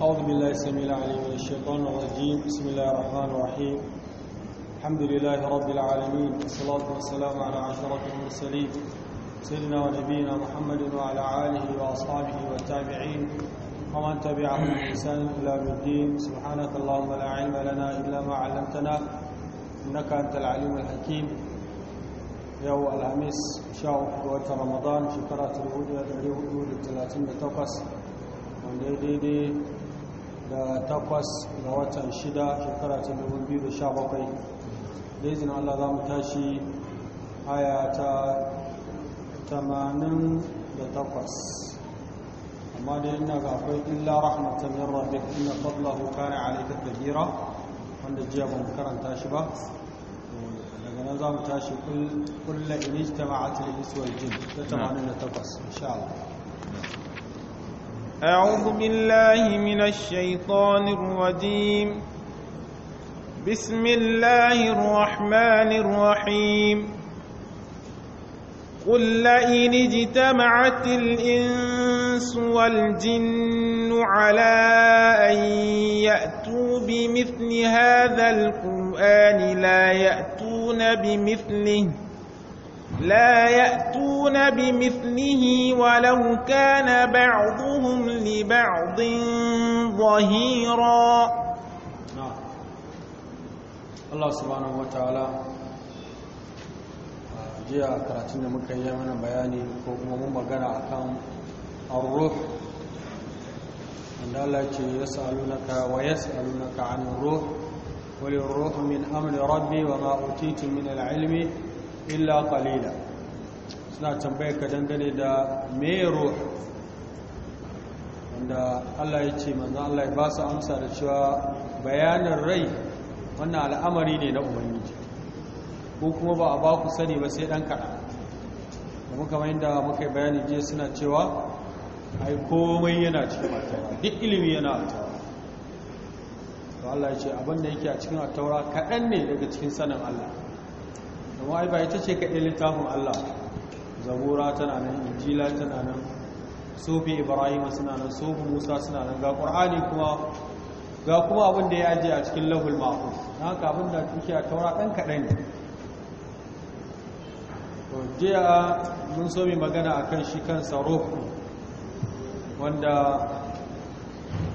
أعوذ بالله السميع العليم من الشيطان الرجيم بسم الله الرحمن الرحيم الحمد لله رب العالمين والصلاة والسلام على أشرف المرسلين سيدنا ونبينا محمد وعلى آله وأصحابه والتابعين ومن تبعهم بإحسان إلى يوم الدين سبحانك اللهم لا علم لنا إلا ما علمتنا إنك أنت العليم الحكيم يوم الخميس شهر رمضان شكرا تلوهد الثلاثين تقص وندي da takwas ga watan shida shekara ta 2017 da izinin allah za mu tashi aya ta 88 amma da yana ga akwai illa rahmatan yin rabin ina fadlahu kane alaikar da gira wanda jiya ban karanta shi ba daga nan za mu tashi kulla inista ma'atul iswal jin ta 88 insha Allah أعوذ بالله من الشيطان الرجيم بسم الله الرحمن الرحيم قل لئن اجتمعت الإنس والجن على أن يأتوا بمثل هذا القرآن لا يأتون بمثله لا يأتون بمثله ولو كان بعضهم لبعض ظهيرا نعم. الله سبحانه وتعالى جاء كراتين مكيامنا بياني كومو مغانا أكام الروح عند الله يسألونك ويسألونك عن الروح وللروح من أمر ربي وما أتيت من العلم illa qalila suna tambayar ka dangane da me ruh wanda Allah ya ce manzo Allah ya ba su amsa da cewa bayanin rai wannan al'amari ne na ubangiji ko kuma ba a ba ku sani ba sai dan kaɗan kuma kamar yadda muka bayani je suna cewa ai komai yana cikin atawa duk ilimi yana atawa to Allah ya ce abin da yake a cikin atawa kaɗan ne daga cikin sanin Allah domin ai ba ita ce kaɗai littafin Allah zabura tana nan injila tana nan sufi ibrahim suna nan sufi musa suna nan ga ƙur'ani kuma ga kuma abin da ya ajiye a cikin lahul mahfuz na haka abin da kuke a taura ɗan kaɗan ne jiya mun so mai magana a kan shi kan ruhu wanda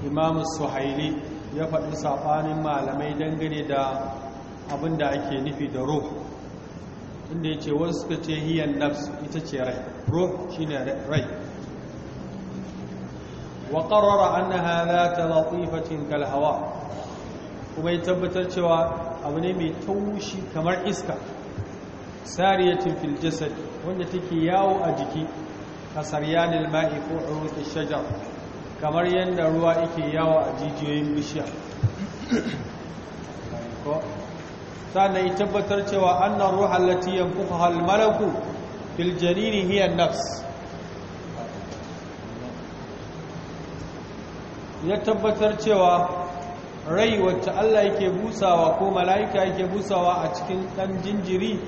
imamu suhaili ya faɗi saɓanin malamai dangane da abin da ake nufi da ruhu inda ya ce wasu suka ce hiyan nafs ita ce rai ruh shi ne rai wa ƙarara an na hada ta latifacin kalhawa kuma ya tabbatar cewa abu ne mai taushi kamar iska sariyacin filjisar wanda take yawo a jiki a saryanin ma'i ko a shajar kamar yadda ruwa yake yawo a jijiyoyin bishiya sannan ya tabbatar cewa annan ruhal lati yanfuha al malaku fil ne hiya nafs ya tabbatar cewa rai wacce Allah yake busawa ko mala'ika yake busawa a cikin ɗan jinjiri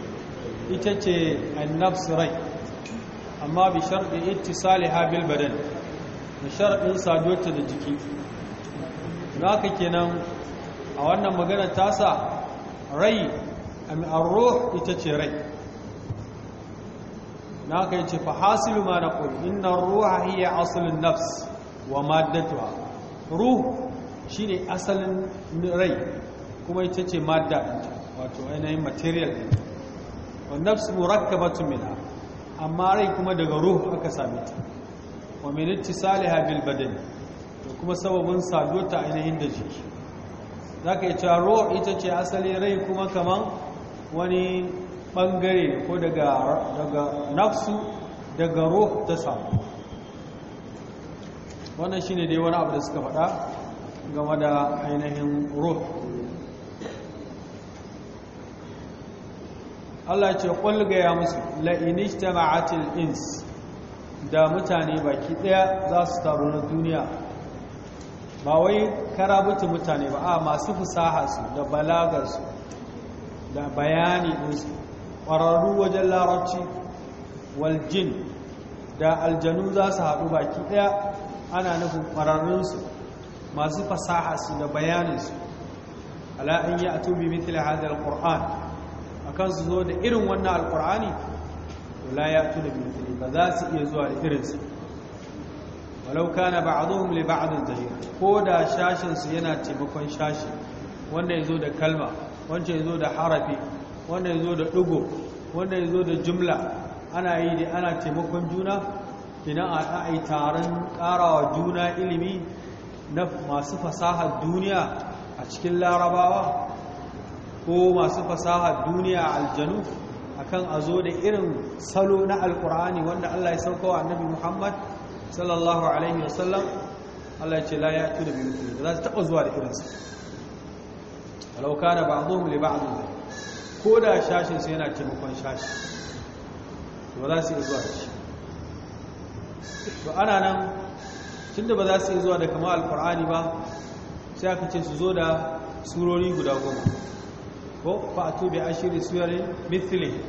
ita ce annafs rai amma bi sharɗin ittisaliha bil bilbadan da sharɗin saduwarta da jiki na kenan a wannan magana tasa rai arruh ita ce rai na ka ce fa hasilu ma naqul inna ruha hiya aslun nafs wa maddatuha ruh shine asalin rai kuma ita ce madda wato ainihin material ɗinta wa nafs murakkabatun minha amma rai kuma daga ruh aka same ta wa min ittisaliha bil badan kuma sababin saduwa ta ainihin da jiki za ka yi cewa ruwa ita ce asali rai kuma kaman wani bangare ko daga nafsu daga ruwa ta samu wannan shi ne dai wani abu da suka faɗa game da ainihin ruwa Allah ce ƙwalga ya musu ta ma'atil ins da mutane baki ɗaya za su taru na duniya ba wai karabuta mutane ba a masu su da balagarsu da bayani ɗinsu ƙwararru wajen larabci waljin da aljanu za su haɗu baki ɗaya ana nufin ƙwararrunsu masu fasaha su da bayaninsu ala'in yi a tubi mitila hadar ƙor'an a kan su zo da irin wannan ko la ya tuni mitili ba za su iya zuwa da irinsu walau kana ba'dhum li ba'dhin zahir ko da shashin su yana taimakon shashi wanda yazo da kalma wanda yazo da harafi wanda yazo da dugo wanda yazo da jumla ana yi da ana taimakon juna idan a yi taron karawa juna ilimi na masu fasahar duniya a cikin larabawa ko masu fasahar duniya a aljanu akan a zo da irin salo na alkur'ani wanda Allah ya sauka wa annabi Muhammad sallallahu alaihi wasallam Allah ya ce la ya da biyu da za su taba zuwa da irinsa alau mule ba a zuwa ko da shashin su yana taimakon shashi to ba za su yi zuwa da shi to ana nan da ba za su yi zuwa da kamar alkur'ani ba sai aka ce su zo da surori guda goma ko a tobe ashri suwarin suyarin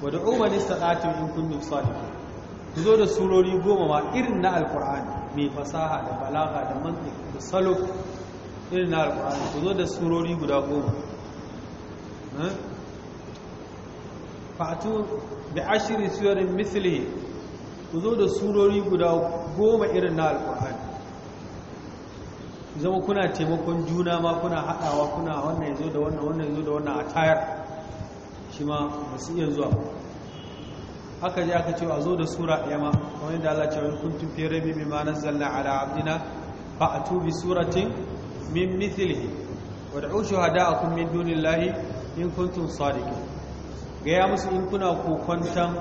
wa wadda umarni sadatun in kuntum sadiqin ku zo da surori goma ma irin na alkur'ani mai fasaha da balaga da mantiki da salo irin na alkur'ani ku zo da surori guda goma eh? fatu da ashirin suyarin misli ku zo da surori guda goma irin na alkur'ani zama kuna taimakon juna ma kuna haɗawa kuna wannan ya zo da wannan wannan zo da wannan a tayar shi ma masu iya zuwa aka je aka ce a zo da sura ɗaya ma kamar yadda Allah ce wani kuntum fi rabi mimma nazzalna ala abdina fa atu bi suratin min mithlihi wad'u shuhada'akum min dunillahi in kuntum sadiqin gaya musu in kuna kokontan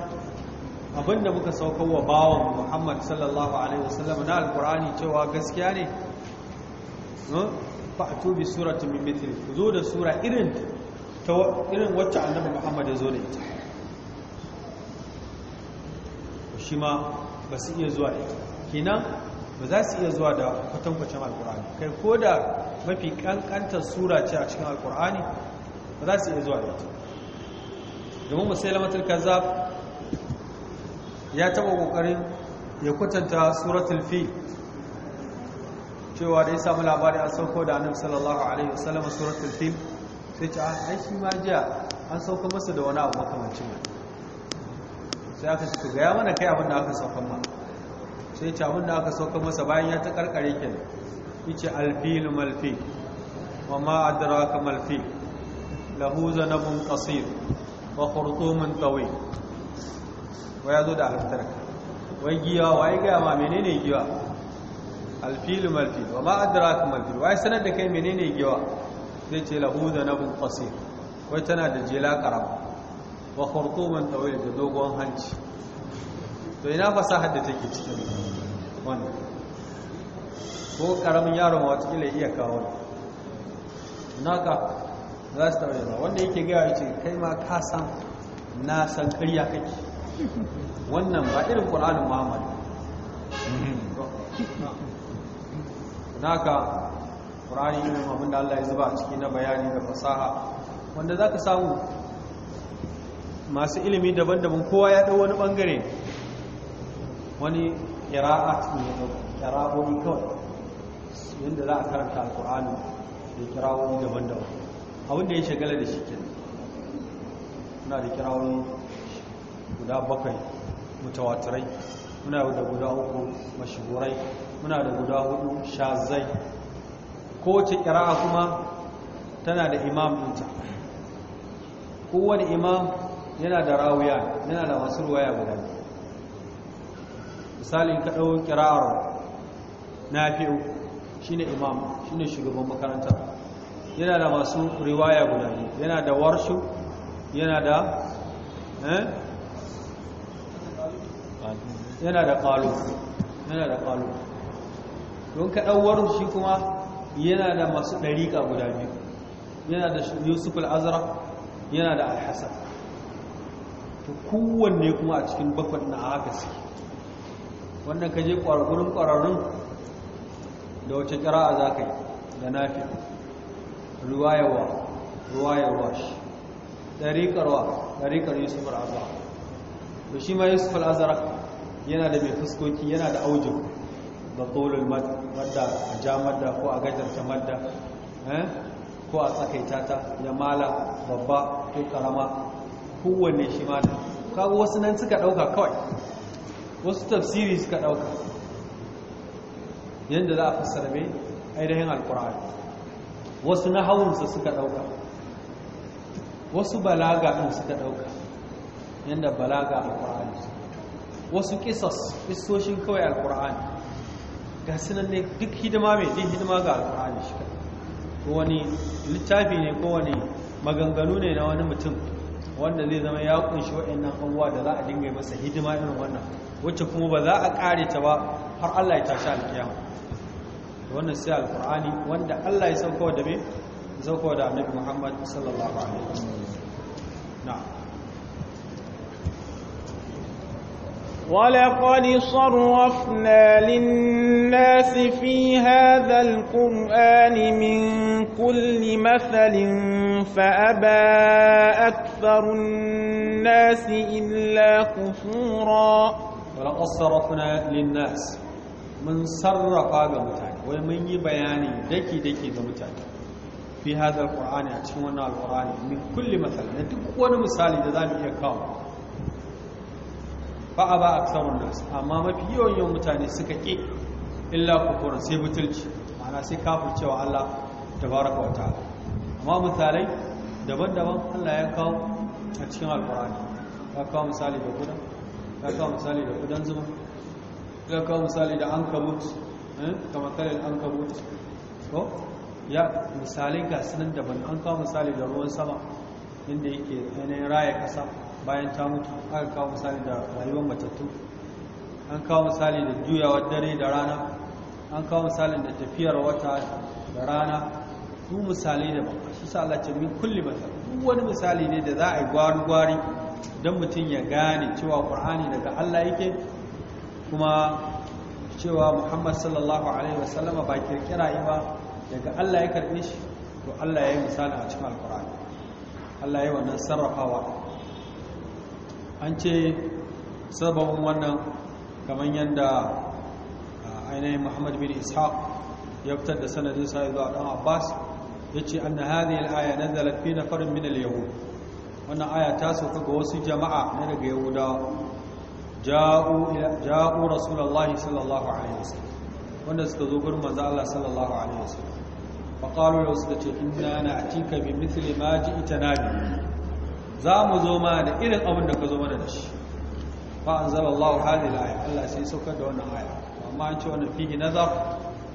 abinda muka saukar wa bawan Muhammad sallallahu alaihi wasallam na alqur'ani cewa gaskiya ne hmm? fa atu bi suratin min mithlihi zo da sura irin ta irin wacce annabi Muhammad ya zo da ita shi ma ba su iya zuwa da ita kenan ba za su iya zuwa da kwatankwacin alkur'ani kai ko da mafi kankantar sura ce a cikin alkur'ani ba za su iya zuwa da ita domin musailamatul kazzab ya taba kokarin ya kwatanta suratul fil cewa da ya samu labari a sauko da annabi sallallahu alaihi wasallam suratul fil sai ce a ah, shi ma jiya an sauko masa da wani abu makamancin sai aka ce tuga gaya mana kai abin da aka saukan ma sai ce abin da aka saukan masa bayan ya ta karkare kenan yace alfilu malfi wa ma ka malfi na bun kasir wa khurtumun tawil wa zo da alfitarka wai giya ya gaya ma menene giwa? Alfilu malfi wa ma ka malfi ya sanar da kai menene giwa? zai ce na bun kasir wai tana da jela karama wa khartuman tawil da dogon hanci to ina fasahar da take cikin wannan ko karamin yaro ma wata kila iya kawo naka za su tawaye ba wanda yake gaya ce kai ma ka san na san ƙarya kake wannan ba irin ƙur'anin muhammad naka ƙur'ani irin abinda allah ya zuba a ciki na bayani da fasaha wanda za ka samu masu ilimi daban-daban kowa ya ɗau wani ɓangare wani ƙira'at ne ƙira'o'i kawai yadda za a karanta alƙur'ani da ƙira'o'i daban-daban abin da ya shagala da shi ke muna da ƙira'o'i guda bakwai mutawatirai muna da guda uku mashigurai, muna da guda hudu shazai kowace ƙira'a kuma tana da imam ɗinta kowane imam yana da rawuya yana da masu ruwaya guda misalin ka ɗau kira'ar shi shine imam shine shugaban makaranta yana da masu riwaya guda yana da warshu yana da eh? yana da ƙalu yana da ƙalu don kaɗauwar shi kuma yana da masu ɗariƙa guda biyu yana da yusuf al'azara yana da alhassan to kowanne kuma a cikin bakwai na haka su wannan ka je ƙwararrun ƙwararrun da wace a za ka yi da nafi ruwayawa ruwayawa shi ɗariƙarwa ɗariƙar yusuf al'azara da shi ma yusuf al'azara yana da mai fuskoki yana da aujin da ƙolin madda a ja madda ko a gajarta madda eh? ko a tsakaita ta da mala babba ko karama kowane shi ma kawo wasu nan suka ɗauka kawai wasu tafsiri suka ɗauka yadda za a fassara mai ainihin alkur'ani wasu na hawunsa suka ɗauka wasu balaga ɗin suka ɗauka yadda balaga alkur'ani wasu kisas isoshin kawai alkur'ani ga sunan ne duk hidima mai duk hidima ga alkur'ani shi ko wani littafi ne ko wani maganganu ne na wani mutum wanda zai zama ya kunshi waɗannan abubuwa da za a dinga masa hidima irin wannan wacce kuma ba za a ƙare ta ba har Allah ya tashi alkiyama wannan sai Alƙur'ani wanda Allah ya sauko da me sauko da annabi Muhammad sallallahu alaihi wasallam na'am ولقد صرفنا للناس في هذا القرآن من كل مثل فأبى أكثر الناس إلا كفورا ولقد صرفنا للناس من صرف هذا بمتاك ومن يبياني دكي دكي بمتاك في هذا القرآن أتمنى القرآن من كل مثل ندك ونمثال إذا ذلك يكاوه fa a samun nasu amma mafi yawan yawan mutane suka ƙi illa kufurin sai butulci ma'ana sai kafin cewa Allah ta wa kawata amma misalai daban-daban Allah ya kawo a cikin alfahari ya kawo misali da gudan ya kawo misali da gudan zuma ya kawo misali da ankabut eh, kamar kalin ankabut ko ya misalai ga sunan daban an kawo misali da ruwan sama inda yake yanayin raya kasa bayan ta mutu aka kawo misali da rayuwar matattu an kawo misali da juyawar dare da rana an kawo misali da tafiyar wata da rana su misali da ba shi sa Allah ce min kulli mata duk wani misali ne da za a yi gwari-gwari don mutum ya gane cewa ƙur'ani daga Allah yake kuma cewa Muhammad sallallahu alaihi wasallama ba kirkira yi ba daga Allah ya karɓe shi to Allah ya yi misali a cikin alƙur'ani Allah ya yi wannan sarrafawa an ce sababin wannan kamar yadda ainihin muhammad bin ishaq ya fitar da sanadin sa zuwa dan abbas ya ce an na hadhihi al-aya nazalat fi nafarin min al-yahud wannan aya ta sauka ga wasu jama'a na daga yahudawa ja'u ja'u rasulullahi sallallahu alaihi wasallam wanda suka zo gurin manzo Allah sallallahu alaihi wasallam fa qalu lahu suka ce inna na'tika bi mithli ma ji'tana bihi za mu zo ma da irin abin da ka zo mana da shi fa zara Allahu hali da aya Allah sai saukar da wannan aya amma an ce wannan fihi za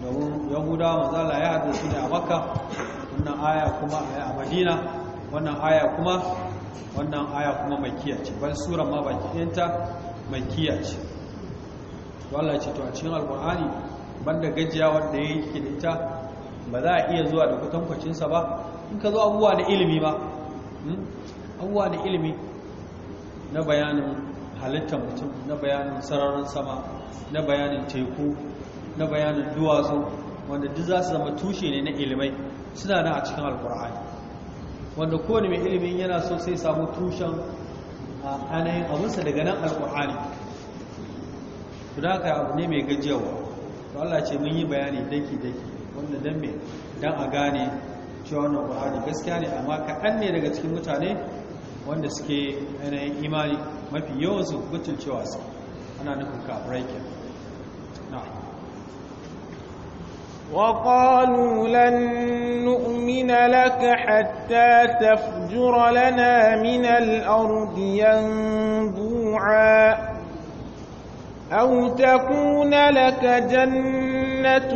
domin yahudawa manzala ya haɗu su ne a makka wannan aya kuma a madina wannan aya kuma wannan aya kuma makiya ce ban sura ma baki ɗinta makiya ce wallah ce to a cikin alqur'ani banda gajiya wanda ya yi ita ba za a iya zuwa da kutankwacinsa ba in ka zo abubuwa da ilimi ba abubuwa da ilimi na bayanin halittar mutum na bayanin sararin sama na bayanin teku na bayanin duwatsu wanda duk za su zama tushe ne na ilimai suna na a cikin alkur'ani wanda kowane mai ilimin yana so sai samu tushen anayin abinsa daga nan alkur'ani su da aka abu ne mai gajiyarwa to allah ce mun yi bayani daki-daki wanda don mai dan a gane cewa wannan alkur'ani gaskiya ne amma kaɗan ne daga cikin mutane wanda suke yanayin imani mafi yawan su gutun cewa su ana nufin ka kafirai ke وقالوا لن نؤمن لك حتى تفجر لنا من الأرض ينبوعا أو تكون لك جنة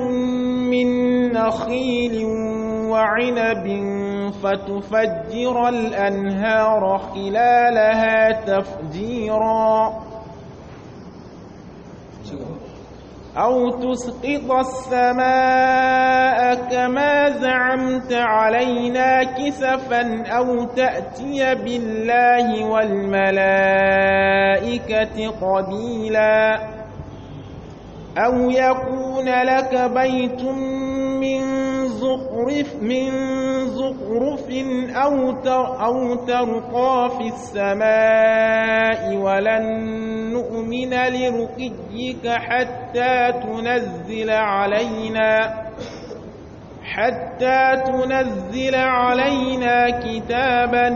من نخيل وعنب فتفجر الأنهار خلالها تفجيرا أو تسقط السماء كما زعمت علينا كسفا أو تأتي بالله والملائكة قبيلا أو يكون لك بيت من زخرف من زخرف أو, أو ترقى في السماء ولن نؤمن لرقيك حتى تنزل علينا حتى تنزل علينا كتابا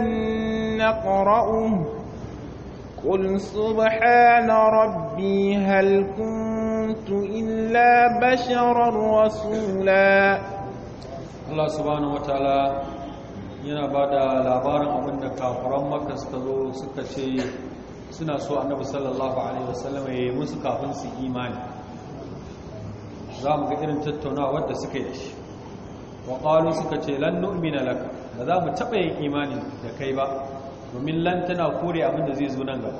نقرأه قل سبحان ربي هل كنت إلا بشرا رسولا Allah subhanahu wataala yana ba da labarin abin da maka suka zo suka ce suna so annabi sallallahu alaihi wasallam ya yi musu kafin su imani za mu ga irin tattaunawa wadda suka yi shi wa suka ce lan nu'mina laka ba za mu taɓa yin imani da kai ba domin lan tana kore abin da zai zo nan gaba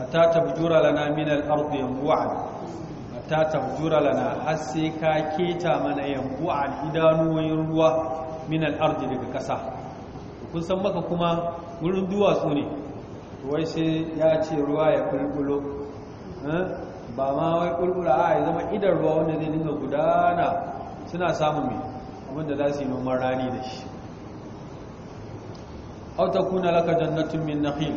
hatta jura lana min al-ardi yanbu'an hatta tabjura lana har sai ka keta mana yambu al idanuwoyin ruwa min al daga kasa kun san maka kuma wurin duwatsu ne wai sai ya ce ruwa ya kulkulo eh? ba ma wai kulkula a ya zama idan ruwa wanda zai dinga gudana suna samun mai abinda za su yi noman rani da shi auta kuna laka jannatin min nakhil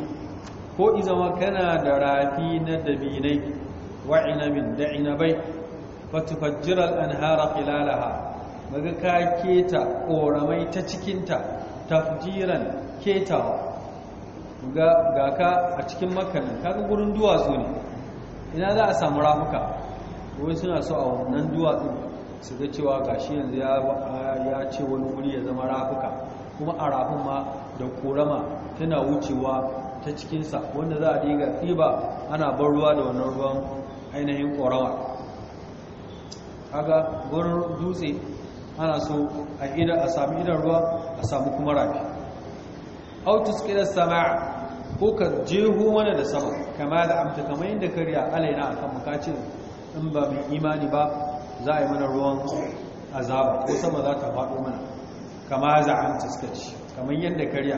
ko izama kana da rafi na dabinai وعنب دعنبي فتفجر الأنهار خلالها مغكا كيتا ta تتكنتا تفجيرا كيتا ga ka a cikin makanin kaga gurin duwatsu ne ina za a samu rafuka wai suna so a wannan duwatsu su ga cewa gashi yanzu ya ce wani wuri ya zama rafuka kuma a rafin ma da korama tana wucewa ta cikinsa wanda za a diga tsiba ana ban ruwa da wannan ruwan ainihin ƙorawa kaga gurin dutse ana so a ida a sami idan ruwa a samu kuma rafi autos kida sama'a ko ka jehu mana da sama kama da amta yin yadda karya alaina akan makacin in ba mai imani ba za a yi mana ruwan azaba ko sama za ta faɗo mana kama za a kama yin yadda karya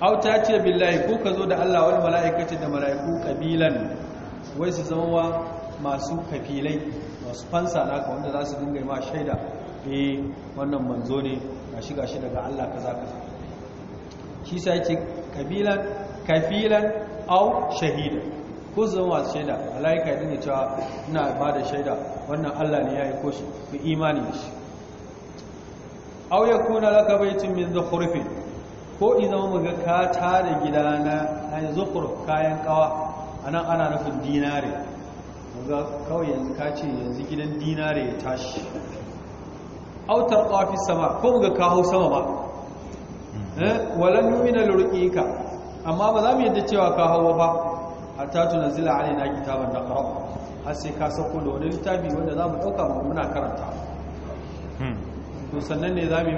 auta ce billahi ko ka zo da Allah wani da mala'iku kabilan wai su zama wa masu kafilai masu fansa naka wanda za su dinga ma shaida eh wannan manzo ne shiga shi daga Allah ka kaza shi sa yake kabilan kafilan au shahida ko su zama masu shaida malaika dinga cewa ina ba da shaida wannan Allah ne ya yi koshi ku imani da shi au kuna laka baitin min zukhrufin ko idan muga ka tare gidana ai zukhruf kayan kawa anan ana nufin dinare ga kawai yanzu ka ce yanzu gidan dinare ya tashi autar ƙafi sama ko ga kawo sama ba na lori ka. amma ba za mu yadda cewa ka hawa ba a tatu na zila Ali na kitaban da ƙarau har sai ka sauko da wani littafi wanda za mu ɗauka ba muna karanta hmm. to sannan ne za mu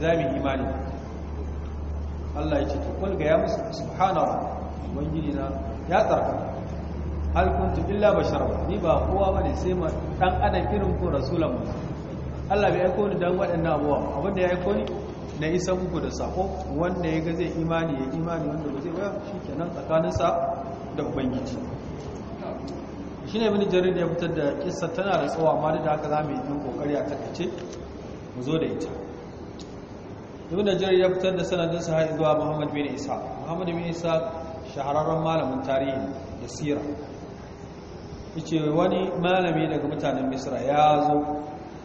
mai imani Allah ya ce to kulga ya musu subhanahu ubangiji na ya tsarka hal illa bashar ni ba kowa bane sai ma dan adam irin ko rasulan mu Allah bai aiko ni dan waɗannan abuwa da ya aiko ni na isa muku da sako wanda ya ga zai imani ya imani wanda ba zai ba tsakanin tsakaninsa da ubangiji shi ne mini da ya fitar da kissa tana da tsawa amma da haka za mu yi ɗin ƙoƙari a takaice mu zo da ita ibn jarir ya fitar da sanadin sa har zuwa muhammad bin isa muhammad bin isa shahararren malamin tarihi da sira yace wani malami daga mutanen misra ya zo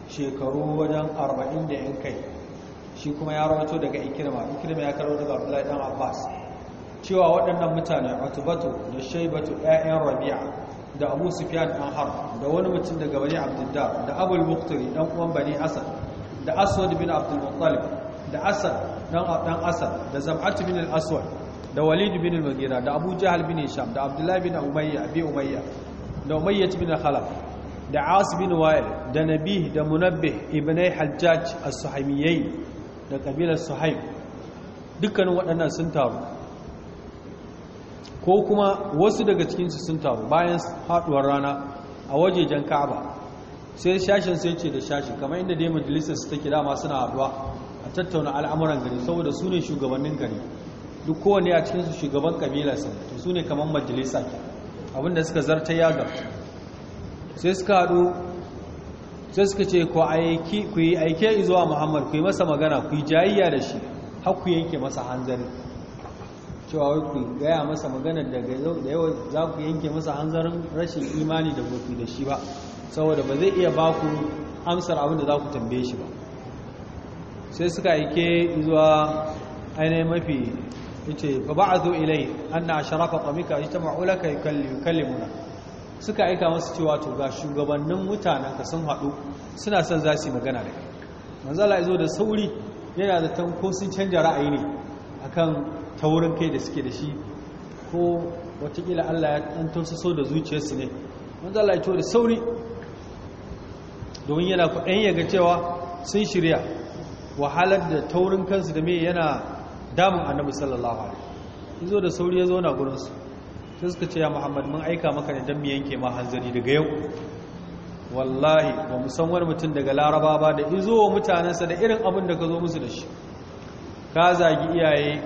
shekaru wajen 40 da yan kai shi kuma ya rawato daga ikirma ikirma ya karo daga abdullahi dan abbas cewa waɗannan mutane atubatu da shaibatu 'ya'yan rabi'a da abu sufyan dan har da wani mutum daga bani abdullahi da abul muqtari dan uwan bani asad da aswad bin abdul da asad dan dan asad da zam'atu bin al aswad da walid bin al-mughira da abu jahl bin isham da abdullah bin umayya abi umayya da umayya bin khalaf da as bin wa'il da nabi da munabbih ibnai hajjaj as suhaymiyyi da kabilar suhaym dukkanin waɗannan sun taru ko kuma wasu daga cikinsu sun taru bayan haɗuwar rana a wajejen ka'aba sai shashin sai ce da shashi kamar inda dai majalisar su take dama suna haduwa a tattauna al'amuran gari saboda su ne shugabannin gari duk kowane a cikinsu shugaban kabila to su ne kamar majalisa abinda suka zarta ya ga sai suka haɗu sai suka ce ku yi aike izuwa muhammad ku yi masa magana ku yi jayayya da shi har ku yanke masa hanzari cewa wai ku gaya masa magana daga yau da yau za ku yanke masa hanzarin rashin imani da ku da shi ba saboda ba zai iya ba ku amsar abin da za ku tambaye shi ba sai suka aike zuwa ainihin mafi yace fa ba'athu ilay anna sharafa qamika ijtama'u laka yukallimuna suka aika masu cewa to ga shugabannin mutanen ka sun haɗu suna son za su magana da kai manzo Allah yazo da sauri yana da tan sun canja ra'ayi ne akan taurin kai da suke da shi ko watakila Allah ya ɗan tausaso da zuciyarsu ne manzo Allah ya da sauri domin yana kuɗin yaga cewa sun shirya wahalar da taurin kansu da me yana damun annabi sallallahu alaihi wasallam zo da sauri ya zo na gurin su sai suka ce ya Muhammad mun aika maka ne dan mu yanke ma hanzari daga yau wallahi ba mu san wani mutum daga Laraba ba da izo wa mutanensa da irin abin da ka zo musu da shi ka zagi iyaye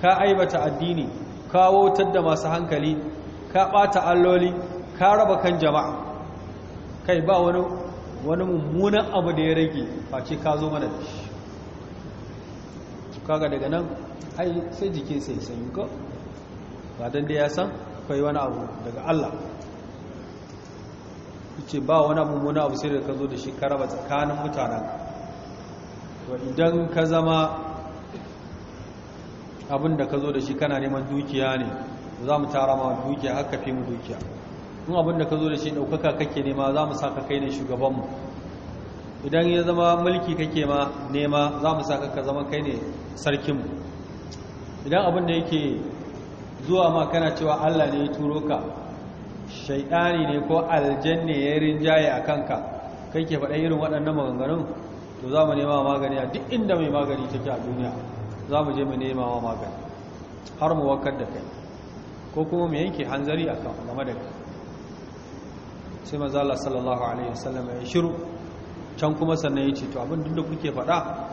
ka aibata addini ka wautar da masu hankali ka bata alloli ka raba kan jama'a kai ba wani mummunan abu da ya rage face ka zo mana da shi kaga daga nan ai sai jikin sai sanyi ko ba dan da ya san kai wani abu daga Allah yace ba wani abu mun abu sai da ka zo da shi karaba tsakanin mutanen to idan ka zama abin da ka zo da shi kana neman dukiya ne za mu tara ma dukiya haka fi mu dukiya in abin da ka zo da shi daukaka kake nema za mu sa ka kai ne shugabanmu idan ya zama mulki kake ma nema za mu sa ka zama kai ne sarkinmu idan abin da yake zuwa ma kana cewa Allah ne ya turo ka shaidani ne ko aljanne ya rinjaye a kanka kai ke faɗa irin waɗannan maganganun to za mu nema magani a duk inda mai magani take a duniya za mu je mu nema wa magani har mu wakar da kai ko kuma mu yanke hanzari a kan game da kai sai sallallahu alaihi wasallam ya shiru can kuma sannan ya ce to abin duk da kuke faɗa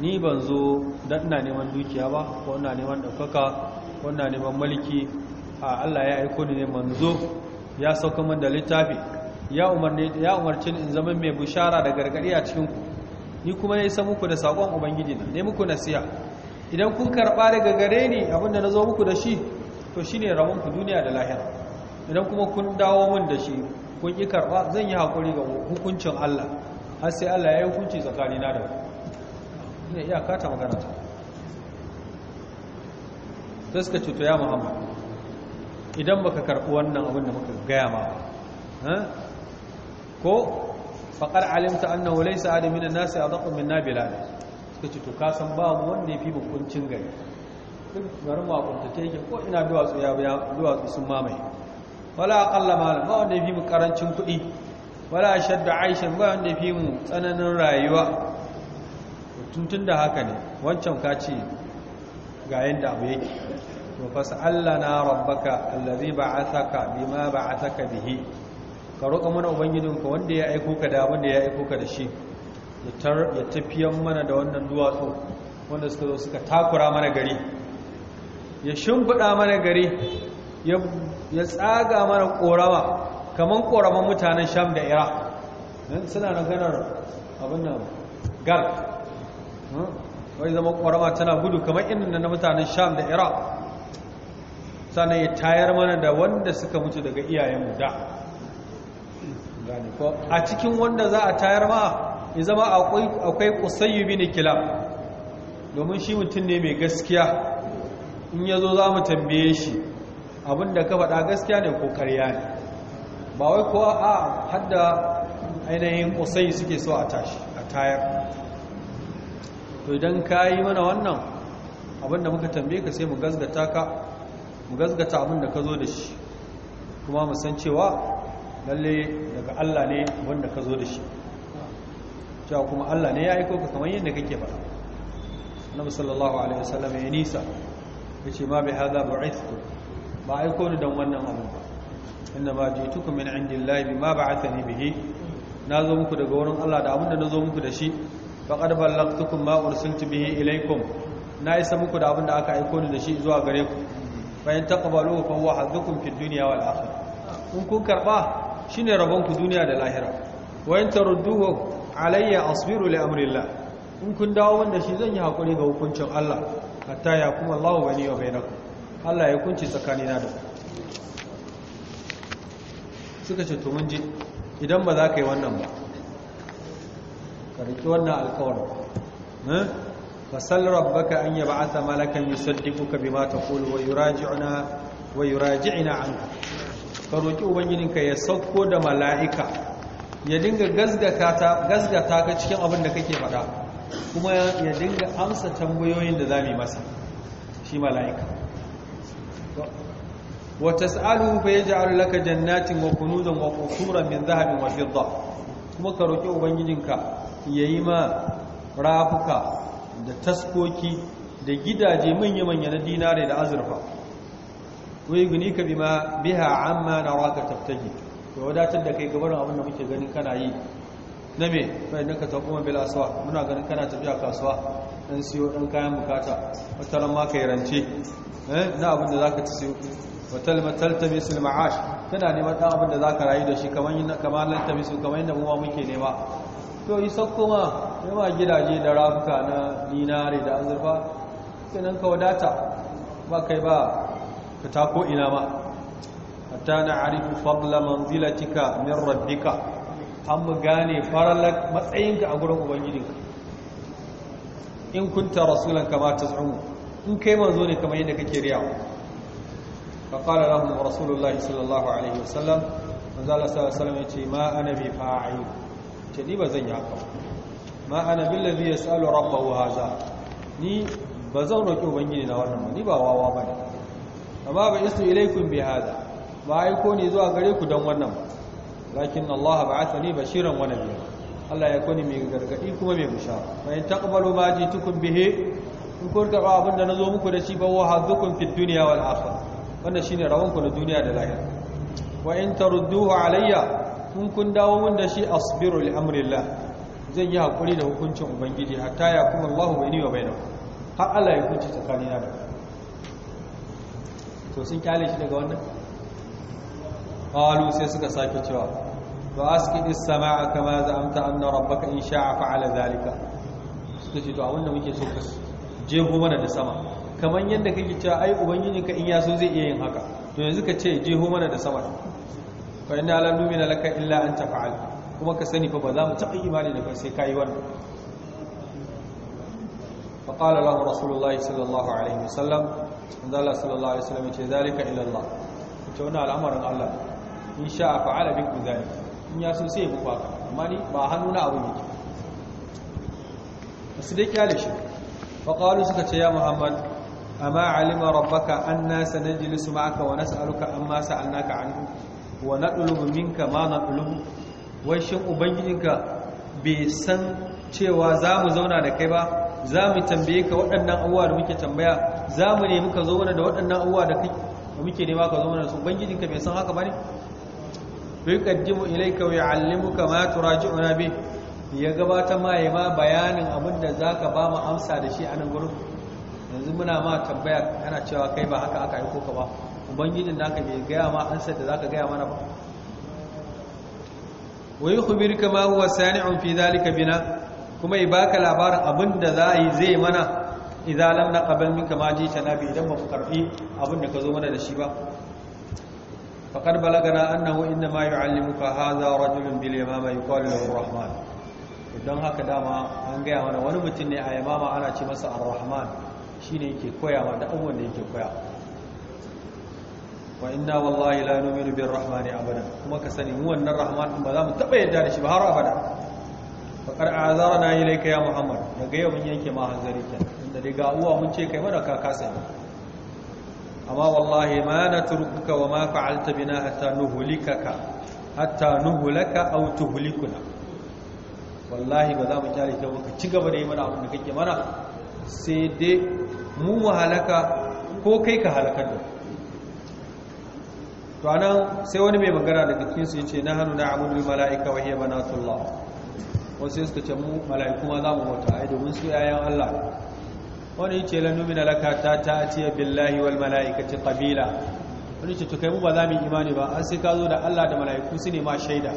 ni ban zo don ina neman dukiya ba ko ina neman ɗaukaka ko ina neman mulki a Allah ya aiko ni neman zo. ya sauka min da littafi ya umarci in zama mai bushara da gargadi a cikin ni kuma ne san muku da saƙon ubangiji na ne muku nasiha idan kun karɓa daga gare ni abin da na zo muku da shi to shine rabon ku duniya da lahira idan kuma kun dawo min da shi kun ƙi karɓa zan yi haƙuri ga hukuncin Allah har sai Allah ya yi hukunci tsakanina da ku ina iya kata magana ta sai suka cuto ya Muhammad idan baka karɓi wannan abin da muka gaya ma eh, ko faƙar alimta wulai laysa adamin nasi a zaƙon min nabila suka ce kasan ka san wanda wanda fi bukuncin gari duk garin makunta ke ko ina duwatsu ya duwatsu sun mamaye wala aqalla malam ba wanda ya fi mu karancin kuɗi wala shadda aishin ba wanda ya fi mu tsananin rayuwa tuntun da haka ne wancan ka ce ga yadda abu yake to na rabbaka allazi ba a saka bihi ka roƙa mana ubangijinka wanda ya aiko ka da wanda ya aiko ka da shi ya tafiyan mana da wannan duwatsu wanda suka suka takura mana gari ya shimfiɗa mana gari ya ya tsaga mana korawa kamar koraman mutanen sham da iraq nan suna ganar abin da gar wai zama korawa tana gudu kamar inda na mutanen sham da iraq sannan ya tayar mana da wanda suka mutu daga iyayenmu da a cikin wanda za a tayar ma ya zama akwai kusayi bin kila, domin shi mutum ne mai gaskiya in ya zo za mu tambaye shi abinda ka faɗa gaskiya ne ko karya ne ba wai kowa a hadda ainihin kusai suke so a tashi a tayar to idan ka yi mana wannan abinda muka tambaye ka sai mu gasgata ka mu abinda ka zo da shi kuma mu san cewa lalle daga Allah ne wanda ka zo da shi cewa kuma Allah ne ya aiko ka kamar yadda kake faɗa annabi sallallahu alaihi wasallam ya nisa yace ma bi hadha bu'ithtu ba aiko ni don wannan abu ba inda ma jitukum min indillahi bima ba'athani bihi zo muku daga wurin Allah da abinda zo muku da shi faqad ballagtukum ma ursiltu bihi ilaykum na isa muku da abinda aka aiko ni da shi zuwa gare ku bayan taqbalu fa huwa haddukum fid dunya wal akhirah in kun karba shine rabon ku duniya da lahira wayan tarudduhu alayya asbiru li amrillah in kun dawo wanda shi zan yi hakuri ga hukuncin Allah hatta ya kuma Allah bani wa bainakum Allah ya kunci na da suka ce to mun ji idan ba za ka yi wannan ba ka riki wannan alkawarin fasal baka an yab'atha malakan yusaddiquka bima taqulu wa yuraji'una wa yuraji'ina an ka roki ka ya sauko da mala'ika ya dinga gazgata ka cikin abin da kake faɗa kuma ya dinga amsa tambayoyin da za yi masa shi mala'ika wa tas'aluhu fa yaj'alu laka jannatin wa kunuzan wa qusuran min dhahabin wa fidda kuma ka roki ubangijinka yayi ma rafuka da taskoki da gidaje manya manya na dinare da azurfa wai guni ka bima biha amma na waka taftaji to wadatar da kai gabarin abin da muke ganin kana yi na me bai naka ka kuma mabila aswa muna ganin kana tafiya kasuwa dan siyo dan kayan bukata wata ran ma kai rance eh na abin da zaka ci siyo watal taltamis al-ma'ash kana neman dan abin da zaka rayu da shi kamar yin kamar taltamis kamar yadda kuma muke nema to yi sakko ma yawa gidaje da rafuka na dinare da azurfa kenan ka wadata ba kai ba ka ko ina ma hatta arifu fadla manzilatika min rabbika an mu gane farallar matsayinka a gurin ubangijinka in kunta rasulan kama taz'umu in kai manzo ne kamar yadda kake riyawa فقال لهم رسول الله صلى الله عليه وسلم manzo Allah sallallahu alaihi wasallam ma ana bi fa'il ce ni bazan yi haka ma ana billazi yasalu rabbahu haza ni bazan roki ubangiji na wannan ba ni ba wawa bane amma ba istu ilaikum bi hada ba ai ko zuwa gare ku dan wannan lakin Allah ba'athani bashiran wa nabiyya Allah ya koni mai gargadi kuma mai musha Mai taqbalu ma jitukum bihi in kun karba nazo muku da shi ba wa hazukum fid wal akhirah wannan shine rawan ku na duniya da lahira wa in tarudduhu alayya kun kun dawo mun da shi asbiru li amrillah zan yi hakuri da hukuncin ubangiji hatta ya kuma Allah bayni wa bainahu har Allah ya kunci tsakanina da to sun kyale shi daga wannan qalu sai suka sake cewa wa asqi as-samaa kama amta anna rabbaka in sha'a fa'ala zalika suka ce to abinda muke so ka jebo mana da sama kamar yadda kake cewa ai ubangiji ka in ya so zai iya yin haka to yanzu ka ce je-ho mana da sama fa inna la nu'mina laka illa an tafa'al kuma ka sani fa ba za mu taɓa imani da kai sai kai wannan fa qala lahu rasulullahi sallallahu alaihi wasallam Allah sallallahu alaihi wasallam ce zalika illa Allah to wannan al'amarin Allah in sha fa'ala bikum zalik in ya so sai ya buka amma ni ba hannuna abu ne su dai kyale shi fa qalu suka ce ya muhammad amma alima rabbaka anna sanajlisu ma'aka wa nas'aluka amma sa'alnaka anhu wa ɗulubu minka ma ɗulubu wai shin ubangijinka bai san cewa za mu zauna da kai ba za mu tambaye ka waɗannan abubuwa da muke tambaya za mu nemi ka zo mana da waɗannan abubuwa da kai da muke nema ka zo mana da su ubangijinka bai san haka ba ne bai kaddimu ilaika wa ya'allimuka ma turaji'una bi ya gabata ma ya ma bayanin abin da zaka ba mu amsa da shi a nan gurin yanzu muna ma tambaya kana cewa kai ba haka aka aiko ka ba ubangijin naka bai gaya ma an da zaka gaya mana ba wa yukhbiruka ma huwa sani'un fi dhalika bina kuma baka labarin da za a yi zai mana idan lam naqabal minka ma ji ta nabi idan ba mu karfi da ka zo mana da shi ba faqad balagana annahu inna ma yu'allimuka hadha rajulun bil yamama yuqalu lahu rahman don haka dama an gaya mana wani mutum ne a yamama ana ce masa ar-rahman shi ne yake koyawa da abubuwan da yake koyawa wa inna wallahi la nu'minu bir rahmani abada kuma ka sani mu wannan rahman ba za mu taba yadda da shi ba har abada fa qad azarna ilayka ya muhammad daga yau mun yanke ma hanzari ke inda dai ga uwa mun ce kai mana ka kasa amma wallahi ma natrukuka wa ma fa'alta bina hatta nuhlikaka hatta nuhlaka aw tuhlikuna wallahi ba za mu kyale ka ci gaba da yi mana abin da kake mana sai dai mu mu halaka ko kai ka halakar da to anan sai wani mai magana daga na su yace nahnu na'budu malaika wa hiya banatullah wasu suka ce mu malaiku ma za zamu a ai domin su yayan Allah wani yace la min alaka ta ta'tiya billahi wal malaikati qabila wani yace to kai mu ba za mu yi imani ba an sai ka zo da Allah da malaiku su ne ma shaida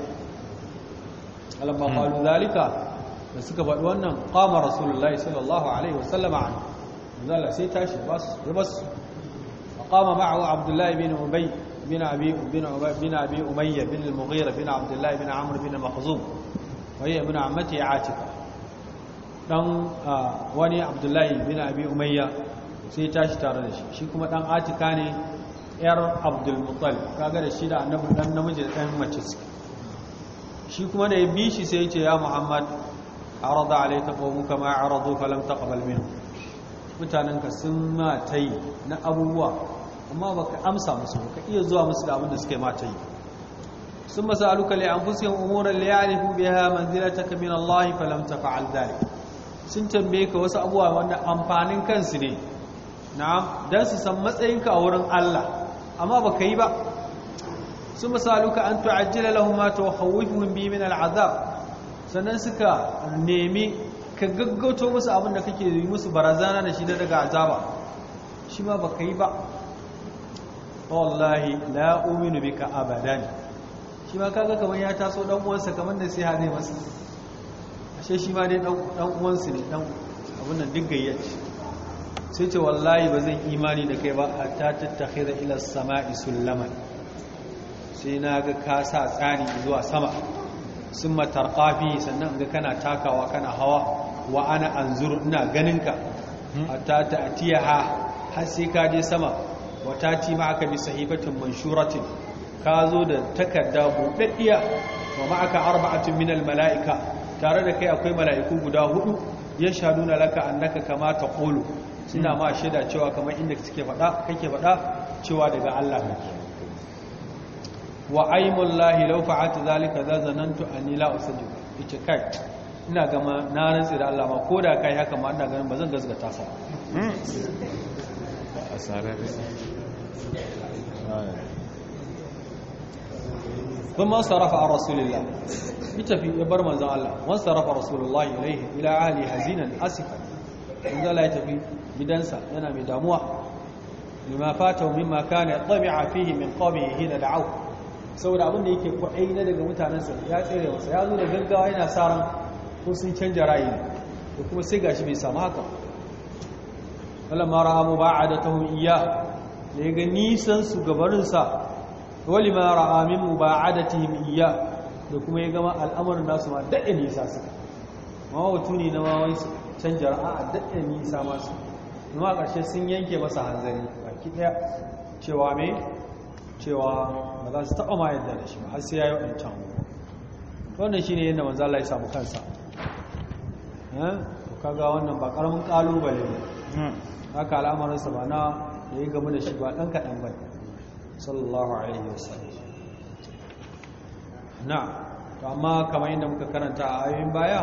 alamma qalu zalika da suka faɗi wannan qama rasulullahi sallallahu alaihi wasallama an zalla sai tashi ba su ya basu qama abdullahi bin ubay bin abi bin ubay bin abi umayya bin al-mughira bin abdullahi bin amr bin makhzum wa ibn ammati atika dan ah, wani abdullahi bin abi umayya sai tashi tare da shi shi kuma dan atika ne yar abdul muttalib kaga da shi da annabi dan namiji da dan mace shi kuma da ya bi shi sai ya ce ya muhammad arada alayka qawmuka ma aradu falam taqbal minhum mutanenka sun matai na abubuwa amma baka amsa musu baka iya zuwa musu da abin da suke matai sun masaluka li anfusihim umuran li ya'rifu biha manzilataka min Allah falam taf'al dhalik sun tambaye ka wasu abubuwa wanda amfanin kansu ne na'am dan su san matsayinka a wurin Allah amma baka yi ba sun masaluka an tu'ajjila lahum ma tuhawwifuhum bi min al'azab sannan suka nemi ka gaggauto musu abin da kake yi musu barazana da shi na daga azaba shi ma baka yi ba wallahi la uminu bika abadan shi ma kaga kamar ya taso dan uwansa kamar da sai hade masa ashe shi ma dai dan uwansa ne dan abin nan duk gayyaci sai ce wallahi ba zan imani da kai ba A hatta tattakhira ila samai sulaman sai na ga ka sa tsani zuwa sama sun matarfafi sannan ga kana takawa kana hawa wa ana anzuru ina ganinka hmm? a ta ha hasi ka je sama wata ti ma aka bi sahifatin manshuratin ka zo da takarda buɗaɗɗiya wa ma aka arba'atun minal mala'ika tare da kai akwai mala'iku guda hudu ya sha nuna laka annaka kama ta ƙolo suna hmm. ma shaida cewa kamar inda suke faɗa kake faɗa cewa daga Allah ne wa aimullahi law fa'atu zalika za zanantu anni la usajib ita kai ina gama na rantsi da Allah ma koda kai haka ma ina ganin bazan gazgata sa asara kuma sarafa ar rasulillah ita fi ya bar manzan Allah wan sarafa rasulullah ilaihi ila ahli hazinan asifa in zala ya tafi gidansa yana mai damuwa lima fata mimma kana tabi'a fihi min qabihi hina da'u saboda abin da yake kwaɗai na daga mutanensa ya tsere wasa ya zo da gaggawa yana sa ran ko sun canja rayu da kuma sai gashi bai samu haka falamma ra'amu ba'adatahum iya da ya ga nisan su gabarinsa wali ma a da muba'adatihim iya da kuma ya gama al'amarin nasu ma daɗe nisa su ma wato ne na mawai canja ra'a daɗe nisa masu kuma a ƙarshe sun yanke masa hanzari baki ɗaya cewa mai cewa ba za su taɓa ma yadda da shi har sai ya yi waɗancan wannan shi ne yadda manzo Allah ya samu kansa eh? kaga wannan ba ƙaramin ƙalubale ne hmm. haka al'amarinsa ba na da yi gamu da shi ba ɗan kaɗan ba sallallahu alaihi wasallam na to amma kamar yadda muka karanta a ayoyin baya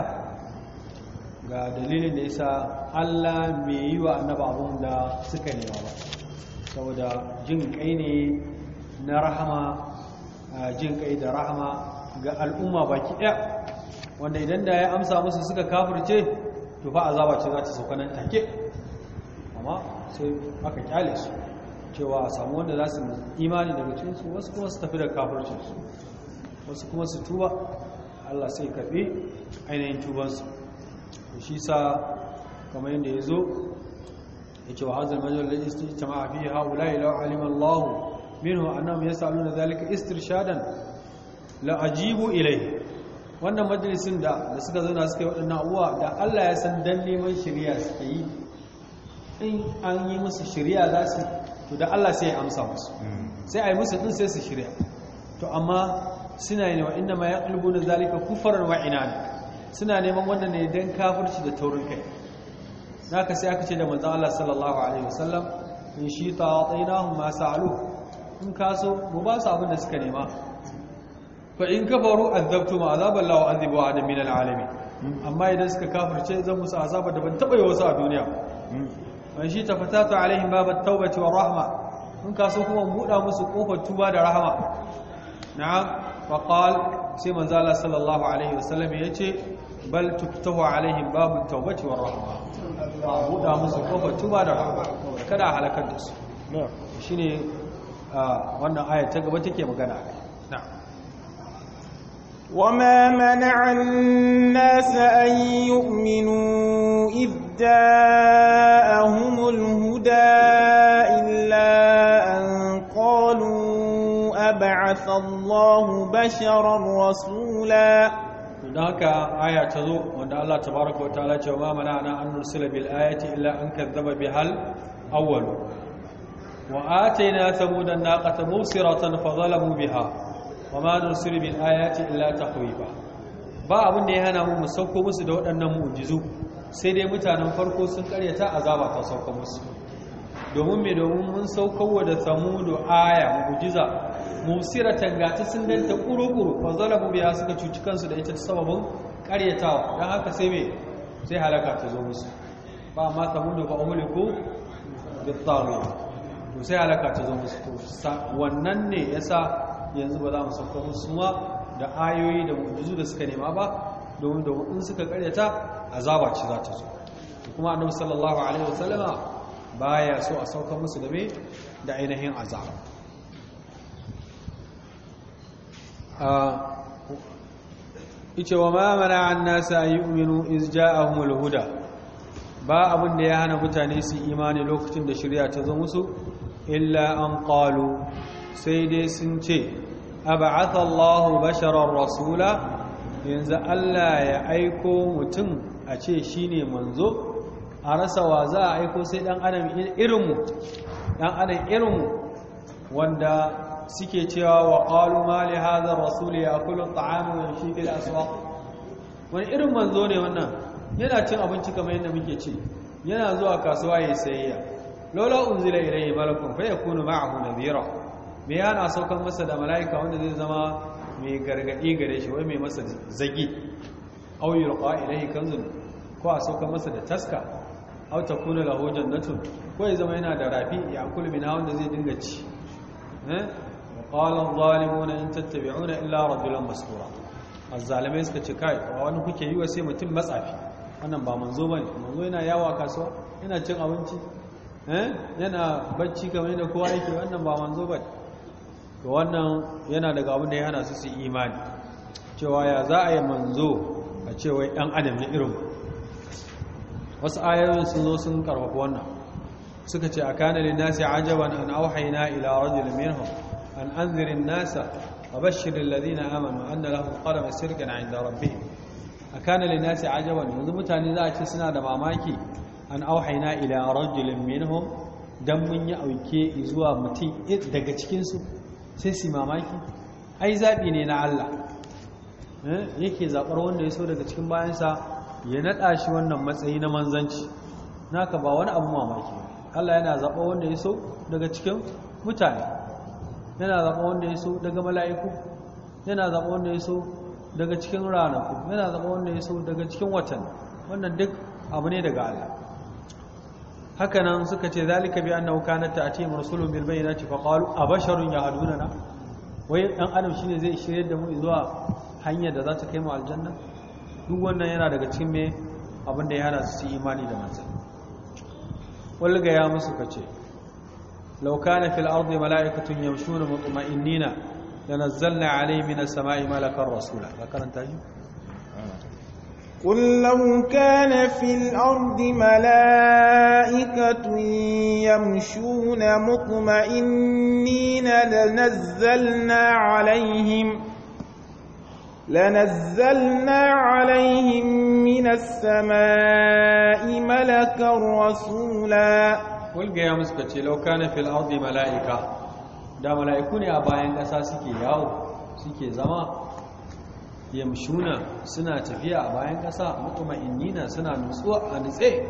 ga dalilin da yasa Allah mai yi wa annaba abun da suka nema ba saboda jin kai ne na rahama jin kai da rahama ga al'umma baki ɗaya wanda idan da ya amsa musu suka kafirce to fa azaba ce za ta sauka nan take amma sai aka kyale su cewa a samu wanda za su imani daga cikinsu wasu kuma su tafi da kafircinsu wasu kuma su tuba Allah sai karɓi ainihin tubansu shi sa kamar yadda ya zo ya ce wa hazar majalar isti jama'a fi haula ila alimallahu minhu annahum yasaluna zalika istirshadan la ajibu ilai wannan majalisin da da suka zauna suka yi waɗannan uwa. da Allah ya san dan neman shari'a suka yi in an yi musu shari'a za su to da Allah sai ya amsa musu hmm. sai a yi musu din sai su shari'a to amma suna yi wa inda ma ya ƙulbuna zalika kufarar wa inana suna neman wannan ne don kafirci da taurin kai na ka sai aka ce da manzan Allah sallallahu Alaihi wasallam in shi ta tsaye ma hun masu alu in ka so mu ba su abin da suka nema fa in ka faru kafaru azabtum azaban la u'adhibu adam min alalamin amma idan suka kafirce zan musu azaba da ban taba yi wasu a duniya an shi tafatatu alaihim babat tawbati wa rahma in ka so kuma buɗa musu kofar tuba da rahama na'am fa qal sai manzo Allah sallallahu alaihi wa wasallam yace bal tuftahu alaihim babu tawbati wa rahma ba buɗa musu kofar tuba da rahama kada halakar da su shine wannan aya ta gaba take magana na wama mana'a an-nas an yu'minu idda ahumul huda illa an qalu ab'atha Allahu Allah tabaaraka wa ta'ala ce wa mana'a an-nusila bil ayati illa bihal awwalu wa atayna thamud an-naqata mubsiratan fa zalamu biha wa ma nursilu bil ayati illa tahwifa ba abin da ya hana mu mu sauko musu da waɗannan mu'jizu sai dai mutanen farko sun karyata azaba ta sauko musu domin me domin mun wa da samudu aya mu'jiza mubsiratan gata sun danta kurukuru fa zalamu biya suka cuci kansu da ita sababin karyatawa don haka sai me sai halaka ta zo musu ba ma samudu ba umuliku بالطاغيه to sai halaka ta zama su to wannan ne yasa yanzu ba za mu sauka musu ma da ayoyi da mu'jizu da suka nema ba domin da in suka karyata azaba ci za ta zo kuma annabi sallallahu alaihi wasallama baya so a sauka musu da da ainihin azaba ice wa ma an nasa in iz ja'ahumul huda ba abin da ya hana mutane su imani lokacin da shirya ta zo musu illa an qalu sai dai sun ce ab'atha Allahu basharar rasula yanzu Allah ya aiko mutum a ce shine manzo a rasa wa za a aiko sai dan adam irinmu dan adam irinmu wanda suke cewa wa qalu ma li hadha rasul ya'kulu at'ama wa shi fil aswaq wani irin manzo ne wannan yana cin abinci kamar yadda muke ci yana zuwa kasuwa ya sayayya lola unzila ilayhi malakun fa yakunu ma'ahu nadhira me yana saukan masa da malaika wanda zai zama mai gargadi gare shi wai mai masa zagi aw yurqa ilayhi kanzun ko a saukan masa da taska aw takuna lahu jannatu ko ya zama yana da rafi ya akulu mina wanda zai dinga ci eh qala adh-dhalimuna in tattabi'una illa rajulan masura azzalimai suka ce kai wani kuke yi wa sai mutum matsafi wannan ba manzo bane manzo yana yawa kasuwa yana cin abinci Eh? yana bacci kamar yadda kowa yake wannan ba manzo ba to wannan yana daga abin da ya hana su su imani cewa ya za a yi manzo a cewa ɗan adam na irin wasu ayoyin sun zo sun karfafa wannan suka ce a kanar nasi ajaban an auhaina ila rajul minhum an anzirin nasa a bashirin ladina amanu an da lahu qadama sirkan inda rabbihim a kanar nasi ajaban yanzu mutane za a ce suna da mamaki an auhaina ila rajulin minhum dan mun yi auke zuwa mutum daga cikinsu sai su mamaki ai zaɓi ne na Allah eh, yake zaɓar wanda ya so daga cikin bayansa ya naɗa shi wannan matsayi na manzanci naka ba wani abu mamaki Allah yana zaɓa wanda ya so daga cikin mutane yana zaɓa wanda ya so daga mala'iku yana zaɓa wanda ya so daga cikin ranaku yana zaɓa wanda ya so daga cikin watan wannan duk abu ne daga Allah hakanan suka ce zalika bi annahu kanat ta'tihim rusulun bil bayyinati fa qalu abasharun na wai dan adam shine zai shiryar da mu zuwa hanyar da za ta kai mu aljanna duk wannan yana daga cikin me abin da ya hana su imani da manzo wal ya musu kace law kana fil ardi mala'ikatun yamshuna mutma'innina lanazzalna alayhi minas sama'i malakan rasula ka karanta shi قل لو كان في الأرض ملائكة يمشون مطمئنين لنزلنا عليهم لنزلنا عليهم من السماء ملكا رسولا قل يا مسكتي لو كان في الأرض ملائكة da mala'iku ne a bayan ƙasa suke yawo suke zama yamshuna suna tafiya a bayan ƙasa mutuma'innina suna nutsuwa a nutse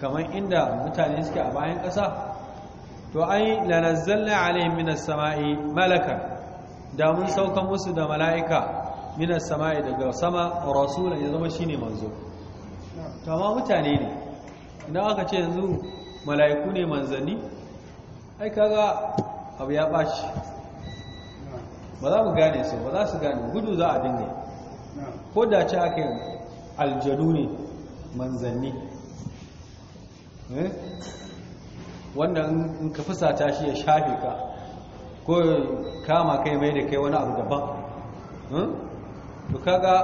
kamar inda mutane suke a bayan ƙasa to ai lanazzalna alaihim minas sama'i malaka da mun sauka musu da mala'ika minas sama'i daga sama rasulun ya zama shine manzo To amma mutane ne idan aka ce yanzu mala'iku ne manzanni ai kaga abu ya bashi. ba za mu gane su ba za su gane gudu za a dinga ko da ce aka yi ne manzanni eh? wanda in ka fusata shi ya shafe ka ko kama kai mai da kai wani abu daban eh? to kaga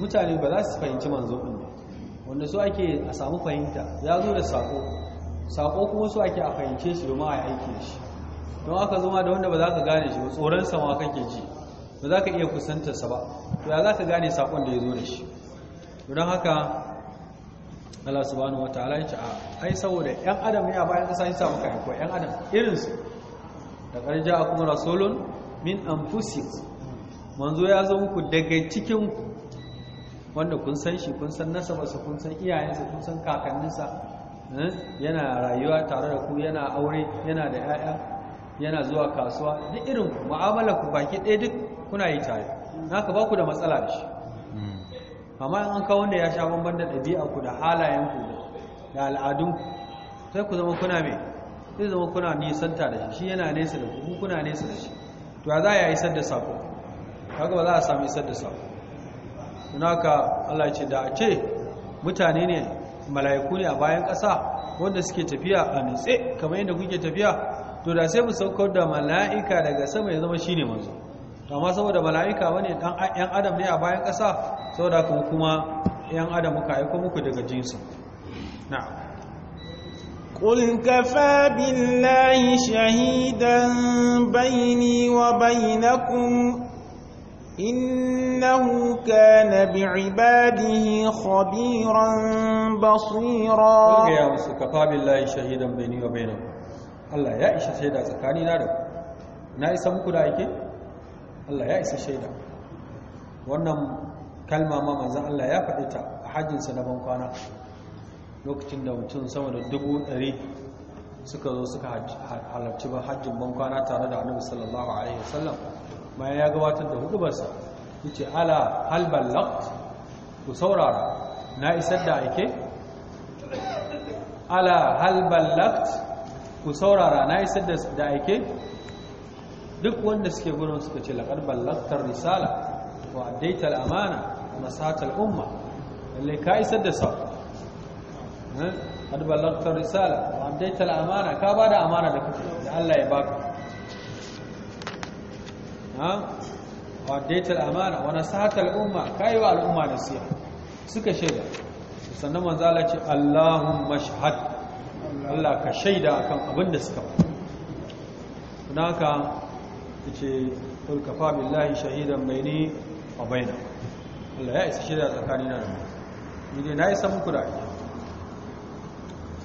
mutane ba za su fahimci manzo ɗin ba wanda su ake a samu fahimta ya zo da sako sako kuma su ake a fahimce shi domin a yi aiki da shi don aka zama da wanda ba za ka gane shi ba tsoron sama kake ji ba za ka iya kusantarsa ba to ya za ka gane sakon da ya zo da shi don haka Allah subhanahu wa ta'ala ya ce a ai saboda yan adam ne a bayan kasa ya samu ko yan adam su da karja kuma rasulun min anfusikum manzo ya zo muku daga cikin ku wanda kun san shi kun san nasabarsa kun san iyayensa kun san kakanninsa eh, yana rayuwa tare da ku yana aure yana da 'ya'ya yana zuwa kasuwa duk irin ku mu'amalar ku baki ɗaya duk kuna yi tare haka ba ku da matsala da shi amma an kawo wanda ya sha bamban da ku da halayenku da al'adunku sai ku zama kuna mai sai zama kuna nisanta da shi shi yana nesa da ku kuna nesa da shi to ya za a yi isar da sako haka ba za a sami isar da sako don haka allah ce da a ce mutane ne mala'iku ne a bayan ƙasa wanda suke tafiya a nutse kamar yadda kuke tafiya to da sai mu saukar da mala'ika daga sama ya zama shine manzo amma saboda mala'ika bane dan yan adam ne a bayan ƙasa saboda kuma kuma yan adam muka aiko muku daga jinsu na'am قل كفى بالله شهيدا بيني وبينكم إنه كان بعباده خبيرا بصيرا قل كفى بالله شهيدا بيني وبينكم الله يا إيش شهيدا سكاني نارك muku مكو ake. Allah ya isa shaida wannan kalma ma manzan Allah ya faɗi ta a hajjinsa na bankwana lokacin da mutum sama da dubu ɗari suka zo suka halarci ba hajjin bankwana tare da annabi sallallahu alaihi wasallam bayan ya gabatar da hudubarsa ce ala hal ballagt ku saurara na isar da aike ala hal ballagt ku saurara na isar da aike duk wanda suke gurin suka ce laƙar ballantar risala wa addaita al-amana masatal umma lalle ka isar da sau. Eh? qad risala wa addaita amana ka da amana da kuka da Allah ya baka wa addaita al-amana wa nasatar umma ka yi wa al'umma da siya suka shaida sannan manzala ce allahun mashahad. Allah ka shaida akan abin da suka faɗa naka yace kul kafa billahi shahidan baini a baina Allah ya isa shaida tsakanin na ni dai na isa muku da ake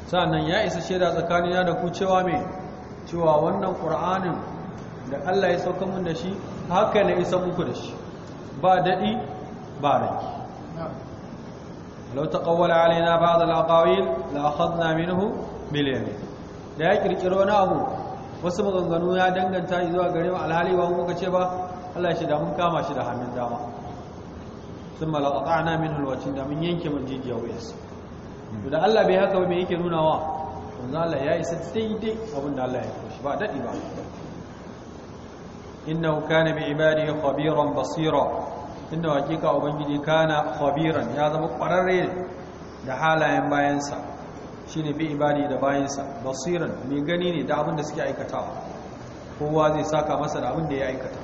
sannan ya isa shirya tsakanin na da ku cewa me cewa wannan qur'anin da Allah ya sauka mun da shi haka na isa muku da shi ba daɗi ba ranki لو تقول علينا بعض الأقاويل لأخذنا منه miliyan. da ya kirkiro na abu wasu maganganu ya danganta zuwa gare mu alhali ba muka ce ba Allah shi da mun kama shi da hannun dama thumma la qata'na minhu alwatin da mun yanke mun jijiya wayas to da Allah bai haka ba me yake nuna wa manzo Allah ya isa dai-dai abin da Allah ya koshi ba dadi ba innahu kana bi ibadihi khabiran basira inda hakika ubangiji kana khabiran ya zama kwararre da halayen bayansa shine bi ibadi da bayansa basiran mai gani ne da abin da suke aikatawa kowa zai saka masa da abin da ya aikata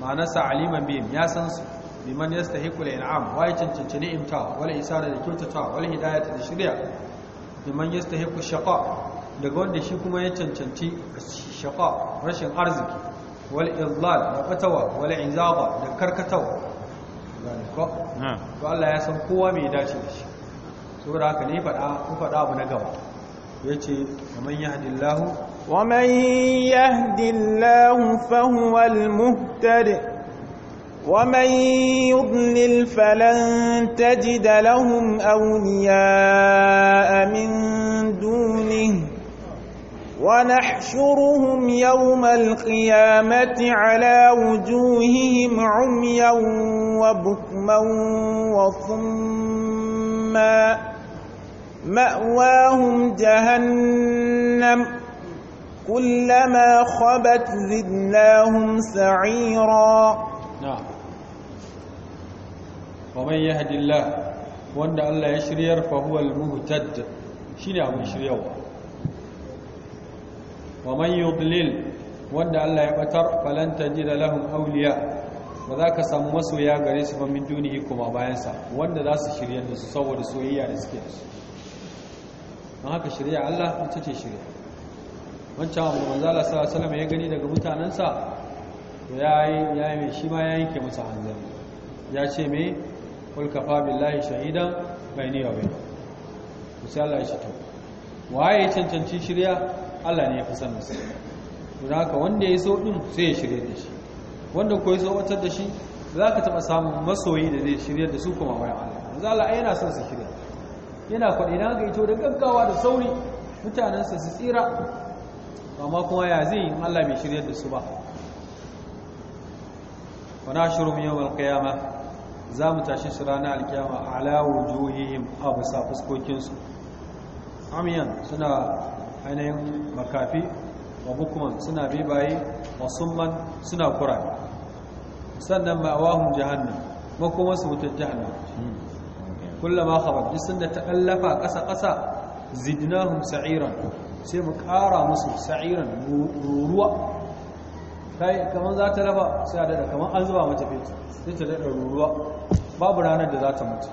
ma'anarsa aliman bihim ya san su liman yastahiqu al-in'am wa ya cancanci ni'imtawa wala isara da kyautatawa wala hidayata da shirya biman yastahiqu shaqa daga wanda shi kuma ya cancanci shaqa rashin arziki wal idlal da fatawa wal izaba da karkatawa to Allah ya san kowa mai dace da shi saboda haka ne faɗa ku faɗa abu na gaba ya ce kamar ya haɗi lahu ومن يهد الله فهو المهتد ومن يضلل فلن تجد لهم أولياء من دونه ونحشرهم يوم القيامة على وجوههم عميا وبكما وصما مأواهم جهنم كلما خبت زدناهم سعيرا نعم ومن يهد الله وان الله يشرير فهو المهتد شنو ابو شريوا ومن يضلل وان الله يبتر فلن تجد لهم اولياء ba za ka samu masoya gare su ba min duniya kuma bayansa wanda za su shirya da su saboda soyayya da suke da su don haka shirya Allah ita ce shirya wancan abu manzo Allah sallallahu alaihi ya gani daga mutanensa to yayi yayi mai shi ma ya yanke masa hanzari ya ce me kul kafa billahi shahidan baini wa bainakum sai Allah ya shi to waye cancanci shirya Allah ne ya fi sanin sa don haka wanda ya so din sai ya shirya da shi wanda koyi ya so watar da shi za ka taɓa samun masoyi da zai shirya da su kuma bayan Allah manzo Allah yana son su shirya yana kwaɗe na ga ito da gaggawa da sauri mutanensa su tsira amma kuma ya zai in Allah bai shirya da su ba wana shirin yau alkiyama za mu tashi su rana alkiyama alawo juhihim a bisa fuskokinsu amiyan suna ainihin makafi wa bukuman suna bebaye wa sunman suna kura sannan ma'awahun jahannan makomansu wutar jihannan kullama kharaj duk sanda ta kallafa ƙasa ƙasa zidnahum sa'iran sai mu ƙara musu sa'iran ruruwa kai kamar za ta lafa sai a dada kamar an zuba mata fetur sai ta dada ruruwa babu ranar da za ta mutu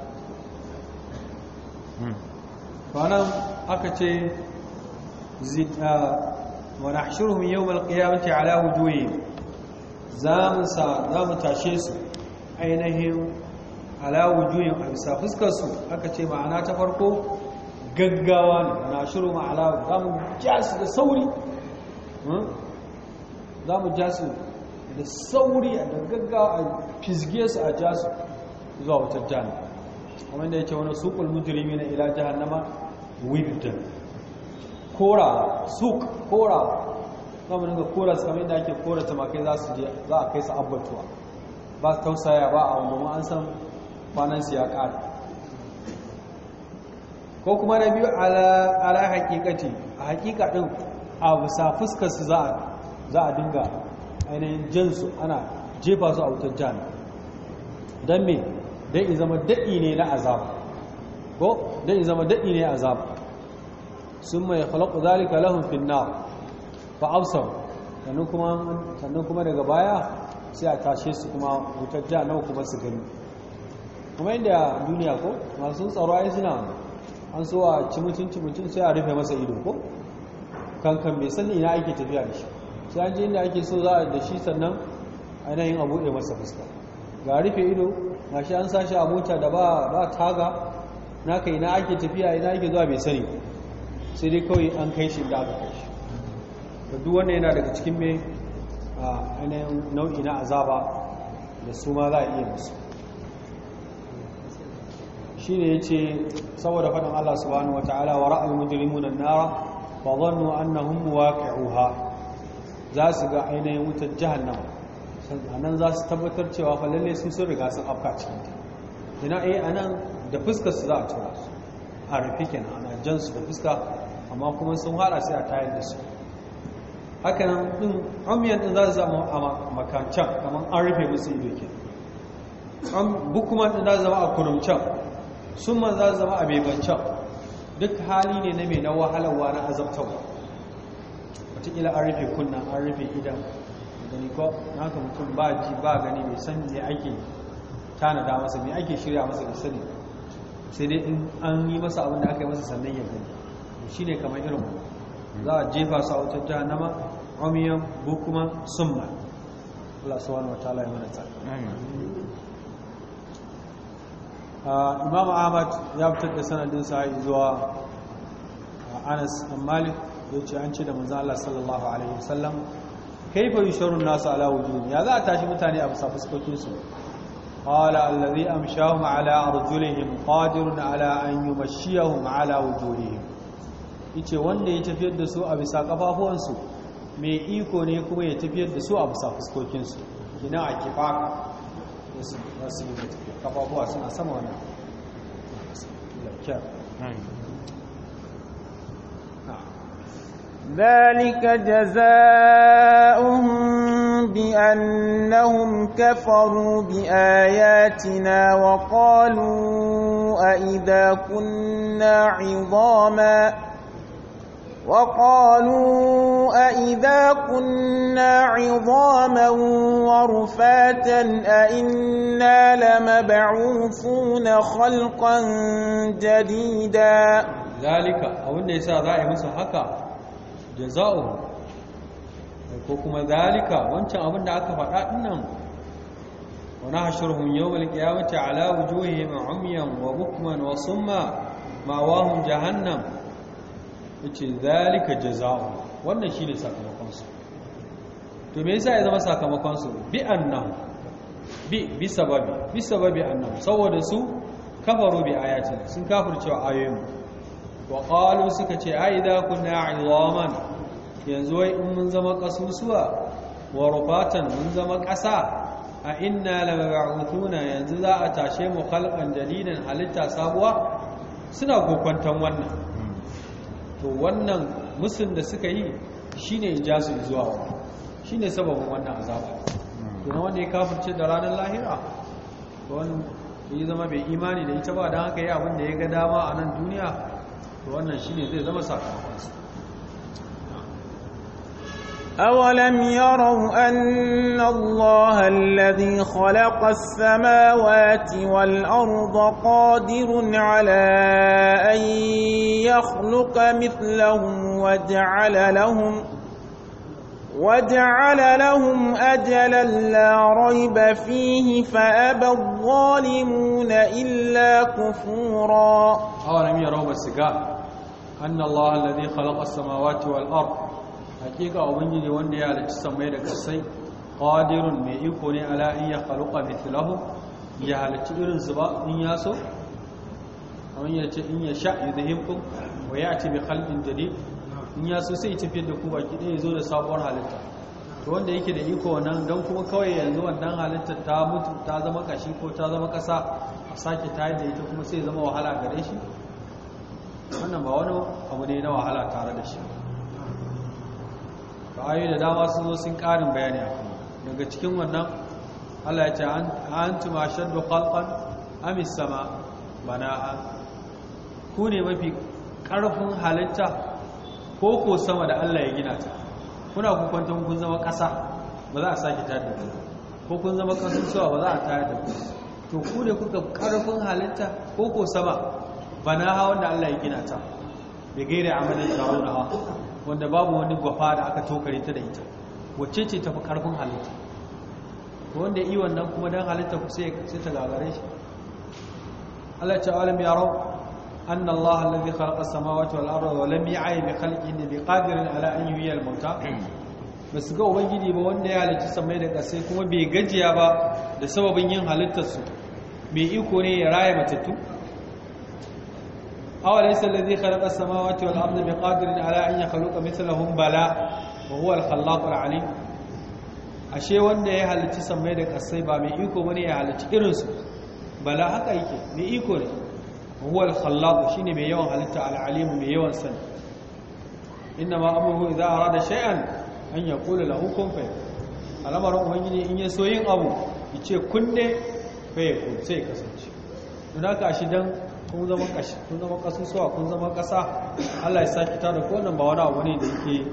kwanan aka ce wa nahshuruhum yawmal qiyamati ala wujuhihim za mu tashe su ainihin ala wujuhin a bisa fuskarsu aka ce ma'ana ta farko gaggawa ne na shiru ma'ala za mu ja su da sauri hmm? za mu ja su da sauri a da gaggawa a fizge su a ja su zuwa wutar jana kuma da yake wani sukul mujirimi na ila jahannama wirdan kora suk kora za mu dinga kora su kamar yadda ake kora tamakai za su je za a kai su abbatuwa ba su tausaya ba a wanda an san kwanan su ya ƙara ko kuma na biyu ala hakikati a hakika a bisa fuskarsu za a dinga ainihin jinsu ana jefa su a wutar jami don me don in zama daɗi ne na azab ko don in zama daɗi ne azab sun mai halaku zalika lahun finna fa afsar sannan kuma daga baya sai a tashe su kuma wutar jami kuma su gani kuma inda duniya ko masu tsaro ai suna an so a ci cimicin mutum sai a rufe masa ido ko kankan bai sani ina ake tafiya da shi sai an ji inda ake so za a da shi sannan a yin abu da masa fuska ga rufe ido ga shi an sashi a mota da ba ba taga naka ina ake tafiya ina ake zuwa bai sani sai dai kawai an kai shi da aka kai shi to duk wanda yana daga cikin mai a yanayin nau'i na azaba da su ma za a iya musu Shi ne ya ce saboda faɗin Allah subhanahu wataala wa ba mujrimuna an-nara fa hunmuwa ka waqi'uha za su ga ainihin wutar a sannan za su tabbatar cewa fa sun sun riga sun afka cikin ta ina eh nan da fuskar su za a tura su a rufe a ana jan su da fuska amma kuma sun hada sai a tayar da su hakanan din amiyan din za su zama a makancan kamar an rufe musu ido kenan an bukuman din za su zama a kurumcan sun za za zama a bebancan duk hali ne na mai na wahalarwa na azabtarwa watakila an rufe kunna an rufe idan gani ko na haka mutum ba ji ba gani mai san me ake tanada masa me ake shirya masa da sani sai dai in an yi masa abin da aka yi masa sannan ya gani shi ne kamar irin za a jefa su a wutar jahannama omiyan bukuma summa Allah ya mana imam ahmad ya fitar da sanadin sa'i zuwa anas ɗan malik ya ce an ce da manzan allah sallallahu alaihi wasallam kai fa yusharun nasu ala wujuhum ya za a tashi mutane a bisa fuskokinsu qala allazi amshahum ala arjulihim qadirun ala an yumashiyahum ala wujuhihim yace wanda ya tafiyar da su a bisa kafafuwansu mai iko ne kuma ya tafiyar da su a bisa fuskokinsu a kifaka ذلك جزاؤهم بأنهم كفروا بآياتنا وقالوا أئذا كنا عظاماً وقالوا أئذا كنا عظاما ورفاتا أئنا لمبعوثون خلقا جديدا ذلك أو يسا ذائع مسا جزاؤه وكما ذلك وانت أبن دعاك أئنا ونحشرهم يوم القيامة على وجوههم عميا وبكما وصما ماواهم جهنم ce zalika jaza'u wannan shi sakamakon su to me yasa ya zama sakamakon bi annahu bi bi sababi bi sababi annahu saboda su kafaru bi ayatin sun kafircewa ayoyin wa qalu suka ce ai da kunna 'idhaman yanzu wai in mun zama kasusuwa wa rufatan mun zama ƙasa a inna lamab'utuna yanzu za a tashe mu khalqan jadidan halitta sabuwa suna kokwantan wannan to wannan musun da suka yi shine ja su zuwa wa shine sababin wannan azaba to na wanda ya kafirce da ranar lahira to wani ya zama bai imani da ita ba don haka yi abin da ya ga dama a nan duniya to wannan shine zai zama sakamakonsa أولم يروا أن الله الذي خلق السماوات والأرض قادر على أن يخلق مثلهم وجعل لهم وجعل لهم أجلا لا ريب فيه فأبى الظالمون إلا كفورا أولم يروا بسقاء أن الله الذي خلق السماوات والأرض hakika ubangiji wanda ya halicci samai da kasai qadirun mai iko ne ala in ya khaluqa mithlahu ya halicci irin su ba in ya so kamar ya ce in ya sha yudhibkum wa ya'ti bi khalqin jadid in ya so sai tafiyar da ku baki ɗaya zo da sabuwar halitta to wanda yake da iko nan dan kuma kawai yanzu wannan halittar ta mutu ta zama kashi ko ta zama kasa a sake tayar da ita kuma sai zama wahala gare shi wannan ba wani abu ne na wahala tare da shi ayoyi da dama sun zo sun karin bayani a kuma daga cikin wannan Allah ya ce an tuma shaddu khalqan amis sama bana'a ku ne mafi karfin halitta ko ko sama da Allah ya gina ta kuna ku kwanta kun zama ƙasa ba za a sake tayar da ku ko kun zama kasusuwa ba za a tayar da ku to ku ne kuka karfin halitta ko ko sama bana'a wanda Allah ya gina ta bi gairi amalin hawa wanda babu wani gwafa da aka tokare ta da ita wacce ce tafi karfin halitta wanda yi wannan kuma don halitta ku sai ta gagare shi Allah ce alam ya rau an Allah halazi khalaqa samawati wal arda wa lam ya'i bi ne bi qadirin ala an yuhyiya al-mauta basu ga ubangiji ba wanda ya halicci samai da kasai kuma bai gajiya ba da sababin yin halittarsu mai iko ne ya raya matattu aw laysa alladhi khalaqa as-samawati wal arda biqadirin ala an ya mithlahum bala wa huwa al-khallaq al-alim ashe wanda ya halicci sammai da kasai ba mai iko bane ya halicci irin su bala haka yake mai iko ne huwa al-khallaq shine mai yawan halitta al-alim mai yawan sani inna ma amruhu idza arada shay'an an yaqula lahu kun fayakun al'amarin ubangiji in ya so yin abu ya ce kunne faye sai kun zama kashi kun zama kasusuwa kun zama kasa Allah ya saki ta da ko nan ba wani abu ne da yake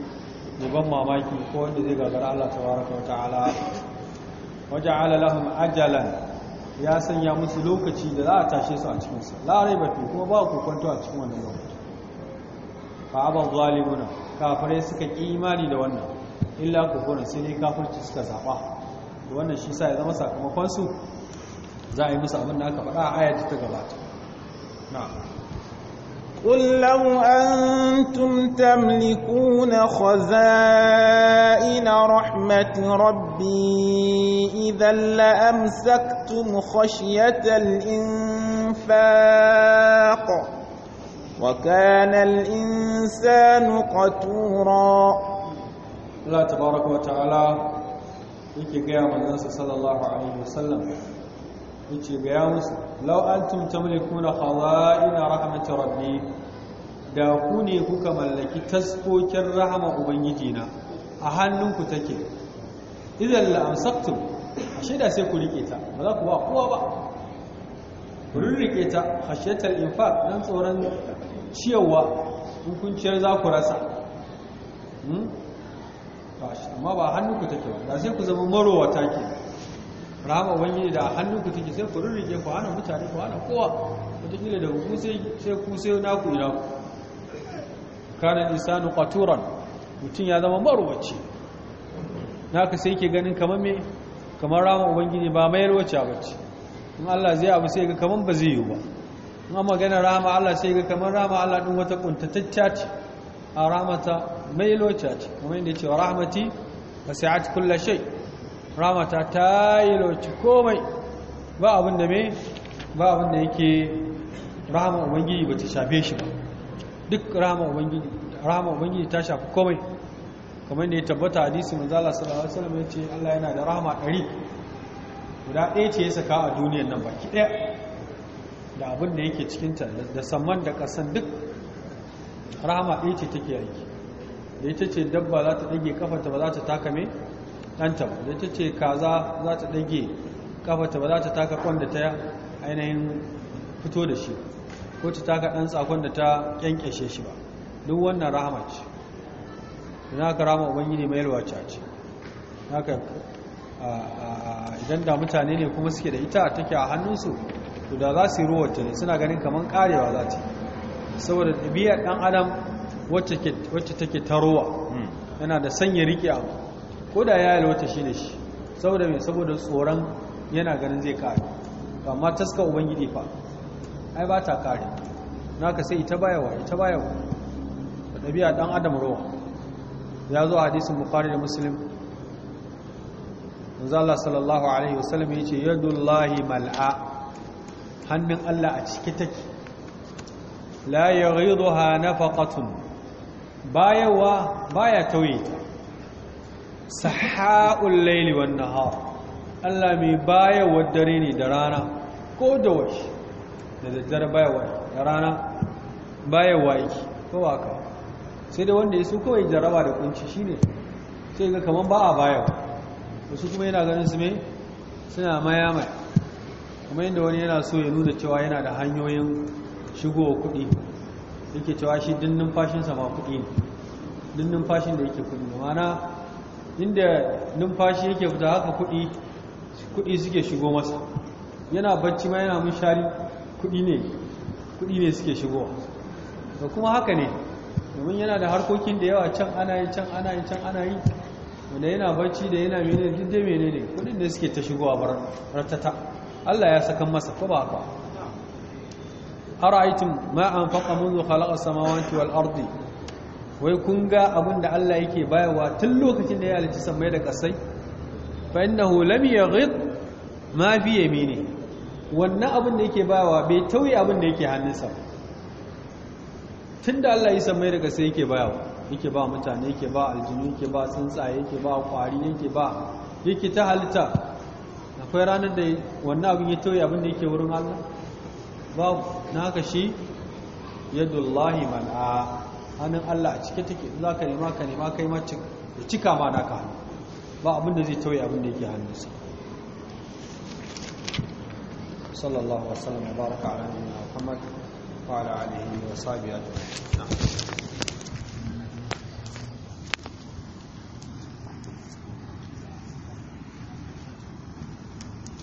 gaban mamaki ko wanda zai gagara Allah ta tabaraka ta'ala waja'ala lahum ajalan ya sanya musu lokaci da za a tashe su a cikin sa la raiba fi kuma ba ku kwanto a cikin wannan lokaci fa aban zalimuna kafirai suka ki imani da wannan illa kufurun sai dai kafirci suka zaba wannan shi sa ya zama sakamakon su za a yi musu abin da aka faɗa a ayar ta gabata نعم قل لو أنتم تملكون خزائن رحمة ربي إذا لأمسكتم خشية الإنفاق وكان الإنسان قتورا الله تبارك وتعالى يكي قيام الناس صلى الله عليه وسلم yace ga ya musu law antum tamlikuna khawaina rahmat rabbi da ku ne kuka mallaki taskokin rahama ubangiji na a hannunku take idan la amsaktum da sai ku rike ta ba za ku ba kowa ba ku rike ta khashyatal infaq dan tsoron ciyawa in kun ciyar za ku rasa hmm? amma ba hannunku take ba da sai ku zama marowa take rama wani da hannun ku take sai ku rurrike ku hana mutane ku hana kowa wataƙila da ku sai ku sai na ku ina ku kana insanu qaturan mutum ya zama maruwaci naka sai ke ganin kamar me kamar rama ubangiji ba mayar wacce bace in Allah zai abu sai ga kamar ba zai yi ba in an ganin rama Allah sai ga kamar rama Allah din wata kuntatacciya ce a rahmata mai ce kuma inda ya ce wa rahmati wasi'at kulli shay' ramata ta yi loci komai ba abin da mai ba abin da yake rama ubangiji ba ta shafe shi ba duk rama ubangiji ta shafi komai kamar da ya tabbata hadisi manzo Allah sallallahu alaihi wasallam yace Allah yana da rahama ɗari guda ɗaya ce ya saka a duniyar nan baki ɗaya da abin da yake cikinta da samman da ƙasan duk rahama ɗaya ce take aiki da ita ce dabba za ta ɗage ta ba za ta taka mai? danta ba da ta ce kaza za ta ɗage kafata ba za ta taka kwanda ta ainihin fito da shi ko ta taka ɗan tsakon da ta ƙyanƙyashe shi ba duk wannan rahama ce da na ka rama ubangiji mai yalwace ce haka idan da mutane ne kuma suke da ita take a hannunsu to da za su yi ruwata ne suna ganin kamar karewa za ta saboda ɗabi'ar ɗan adam wacce take tarowa hmm. yana da sanya riƙe abu ko da ya yalwata shi da shi saboda mai saboda tsoron yana ganin zai kare ba amma taska ubangiji fa ai ba ta kare ka sai ita bayawa ita bayawa da ɗabi'a ɗan adam ruwa ya zo a hadisun bukhari da musulun. manzo Allah sallallahu alaihi wasallam yadda lahi mal'a hannun Allah a cike take la ha na nafaqatun bayawa baya tauye ta saha'ul laili wan nahar Allah mai bayawar dare ne da rana ko da washi da daddare bayawar da rana bayawar yake ko waka sai da wanda ya su kawai jaraba da kunci shine sai ga kaman ba a bayawa wasu kuma yana ganin su me suna maya mai kuma inda wani yana so ya nuna cewa yana da hanyoyin shigowa kuɗi yake cewa shi dindin fashinsa ba kuɗi ne dinnin fashin da yake kuɗi da mana inda numfashi yake fita haka kuɗi suke shigo masa yana bacci ma yana munshari kudi ne kuɗi ne suke shigowa da kuma haka ne domin yana da harkokin da yawa can ana yi can ana yi can ana yi wanda yana bacci da yana mene duk da mene ne kuɗin da suke ta shigowa a ratata Allah ya sakan masa ko ba haka aitin ma anfaqa khalaqa samawati wal ardi. wai kun ga abin da Allah yake bayarwa tun lokacin da ya halicci samai da kasai fa innahu lam yaghid ma fi yamini wannan abin da yake bayarwa bai tauye abin da yake hannunsa tun da Allah ya samai da kasai yake bayarwa yake ba mutane yake ba aljinu yake ba tsuntsaye yake ba kwari yake ba yake ta halitta akwai ranar da wannan abin ya tauye abin da yake wurin Allah ba na haka shi yadullahi man'a hannun Allah a cike take za ka nema ka nema kai ma. da cika ma naka hannu ba abinda zai tauye abinda yake hannunsa sallallahu wasallam baraka ala nabiyina muhammad wa ala alihi wa sahbihi ajma'in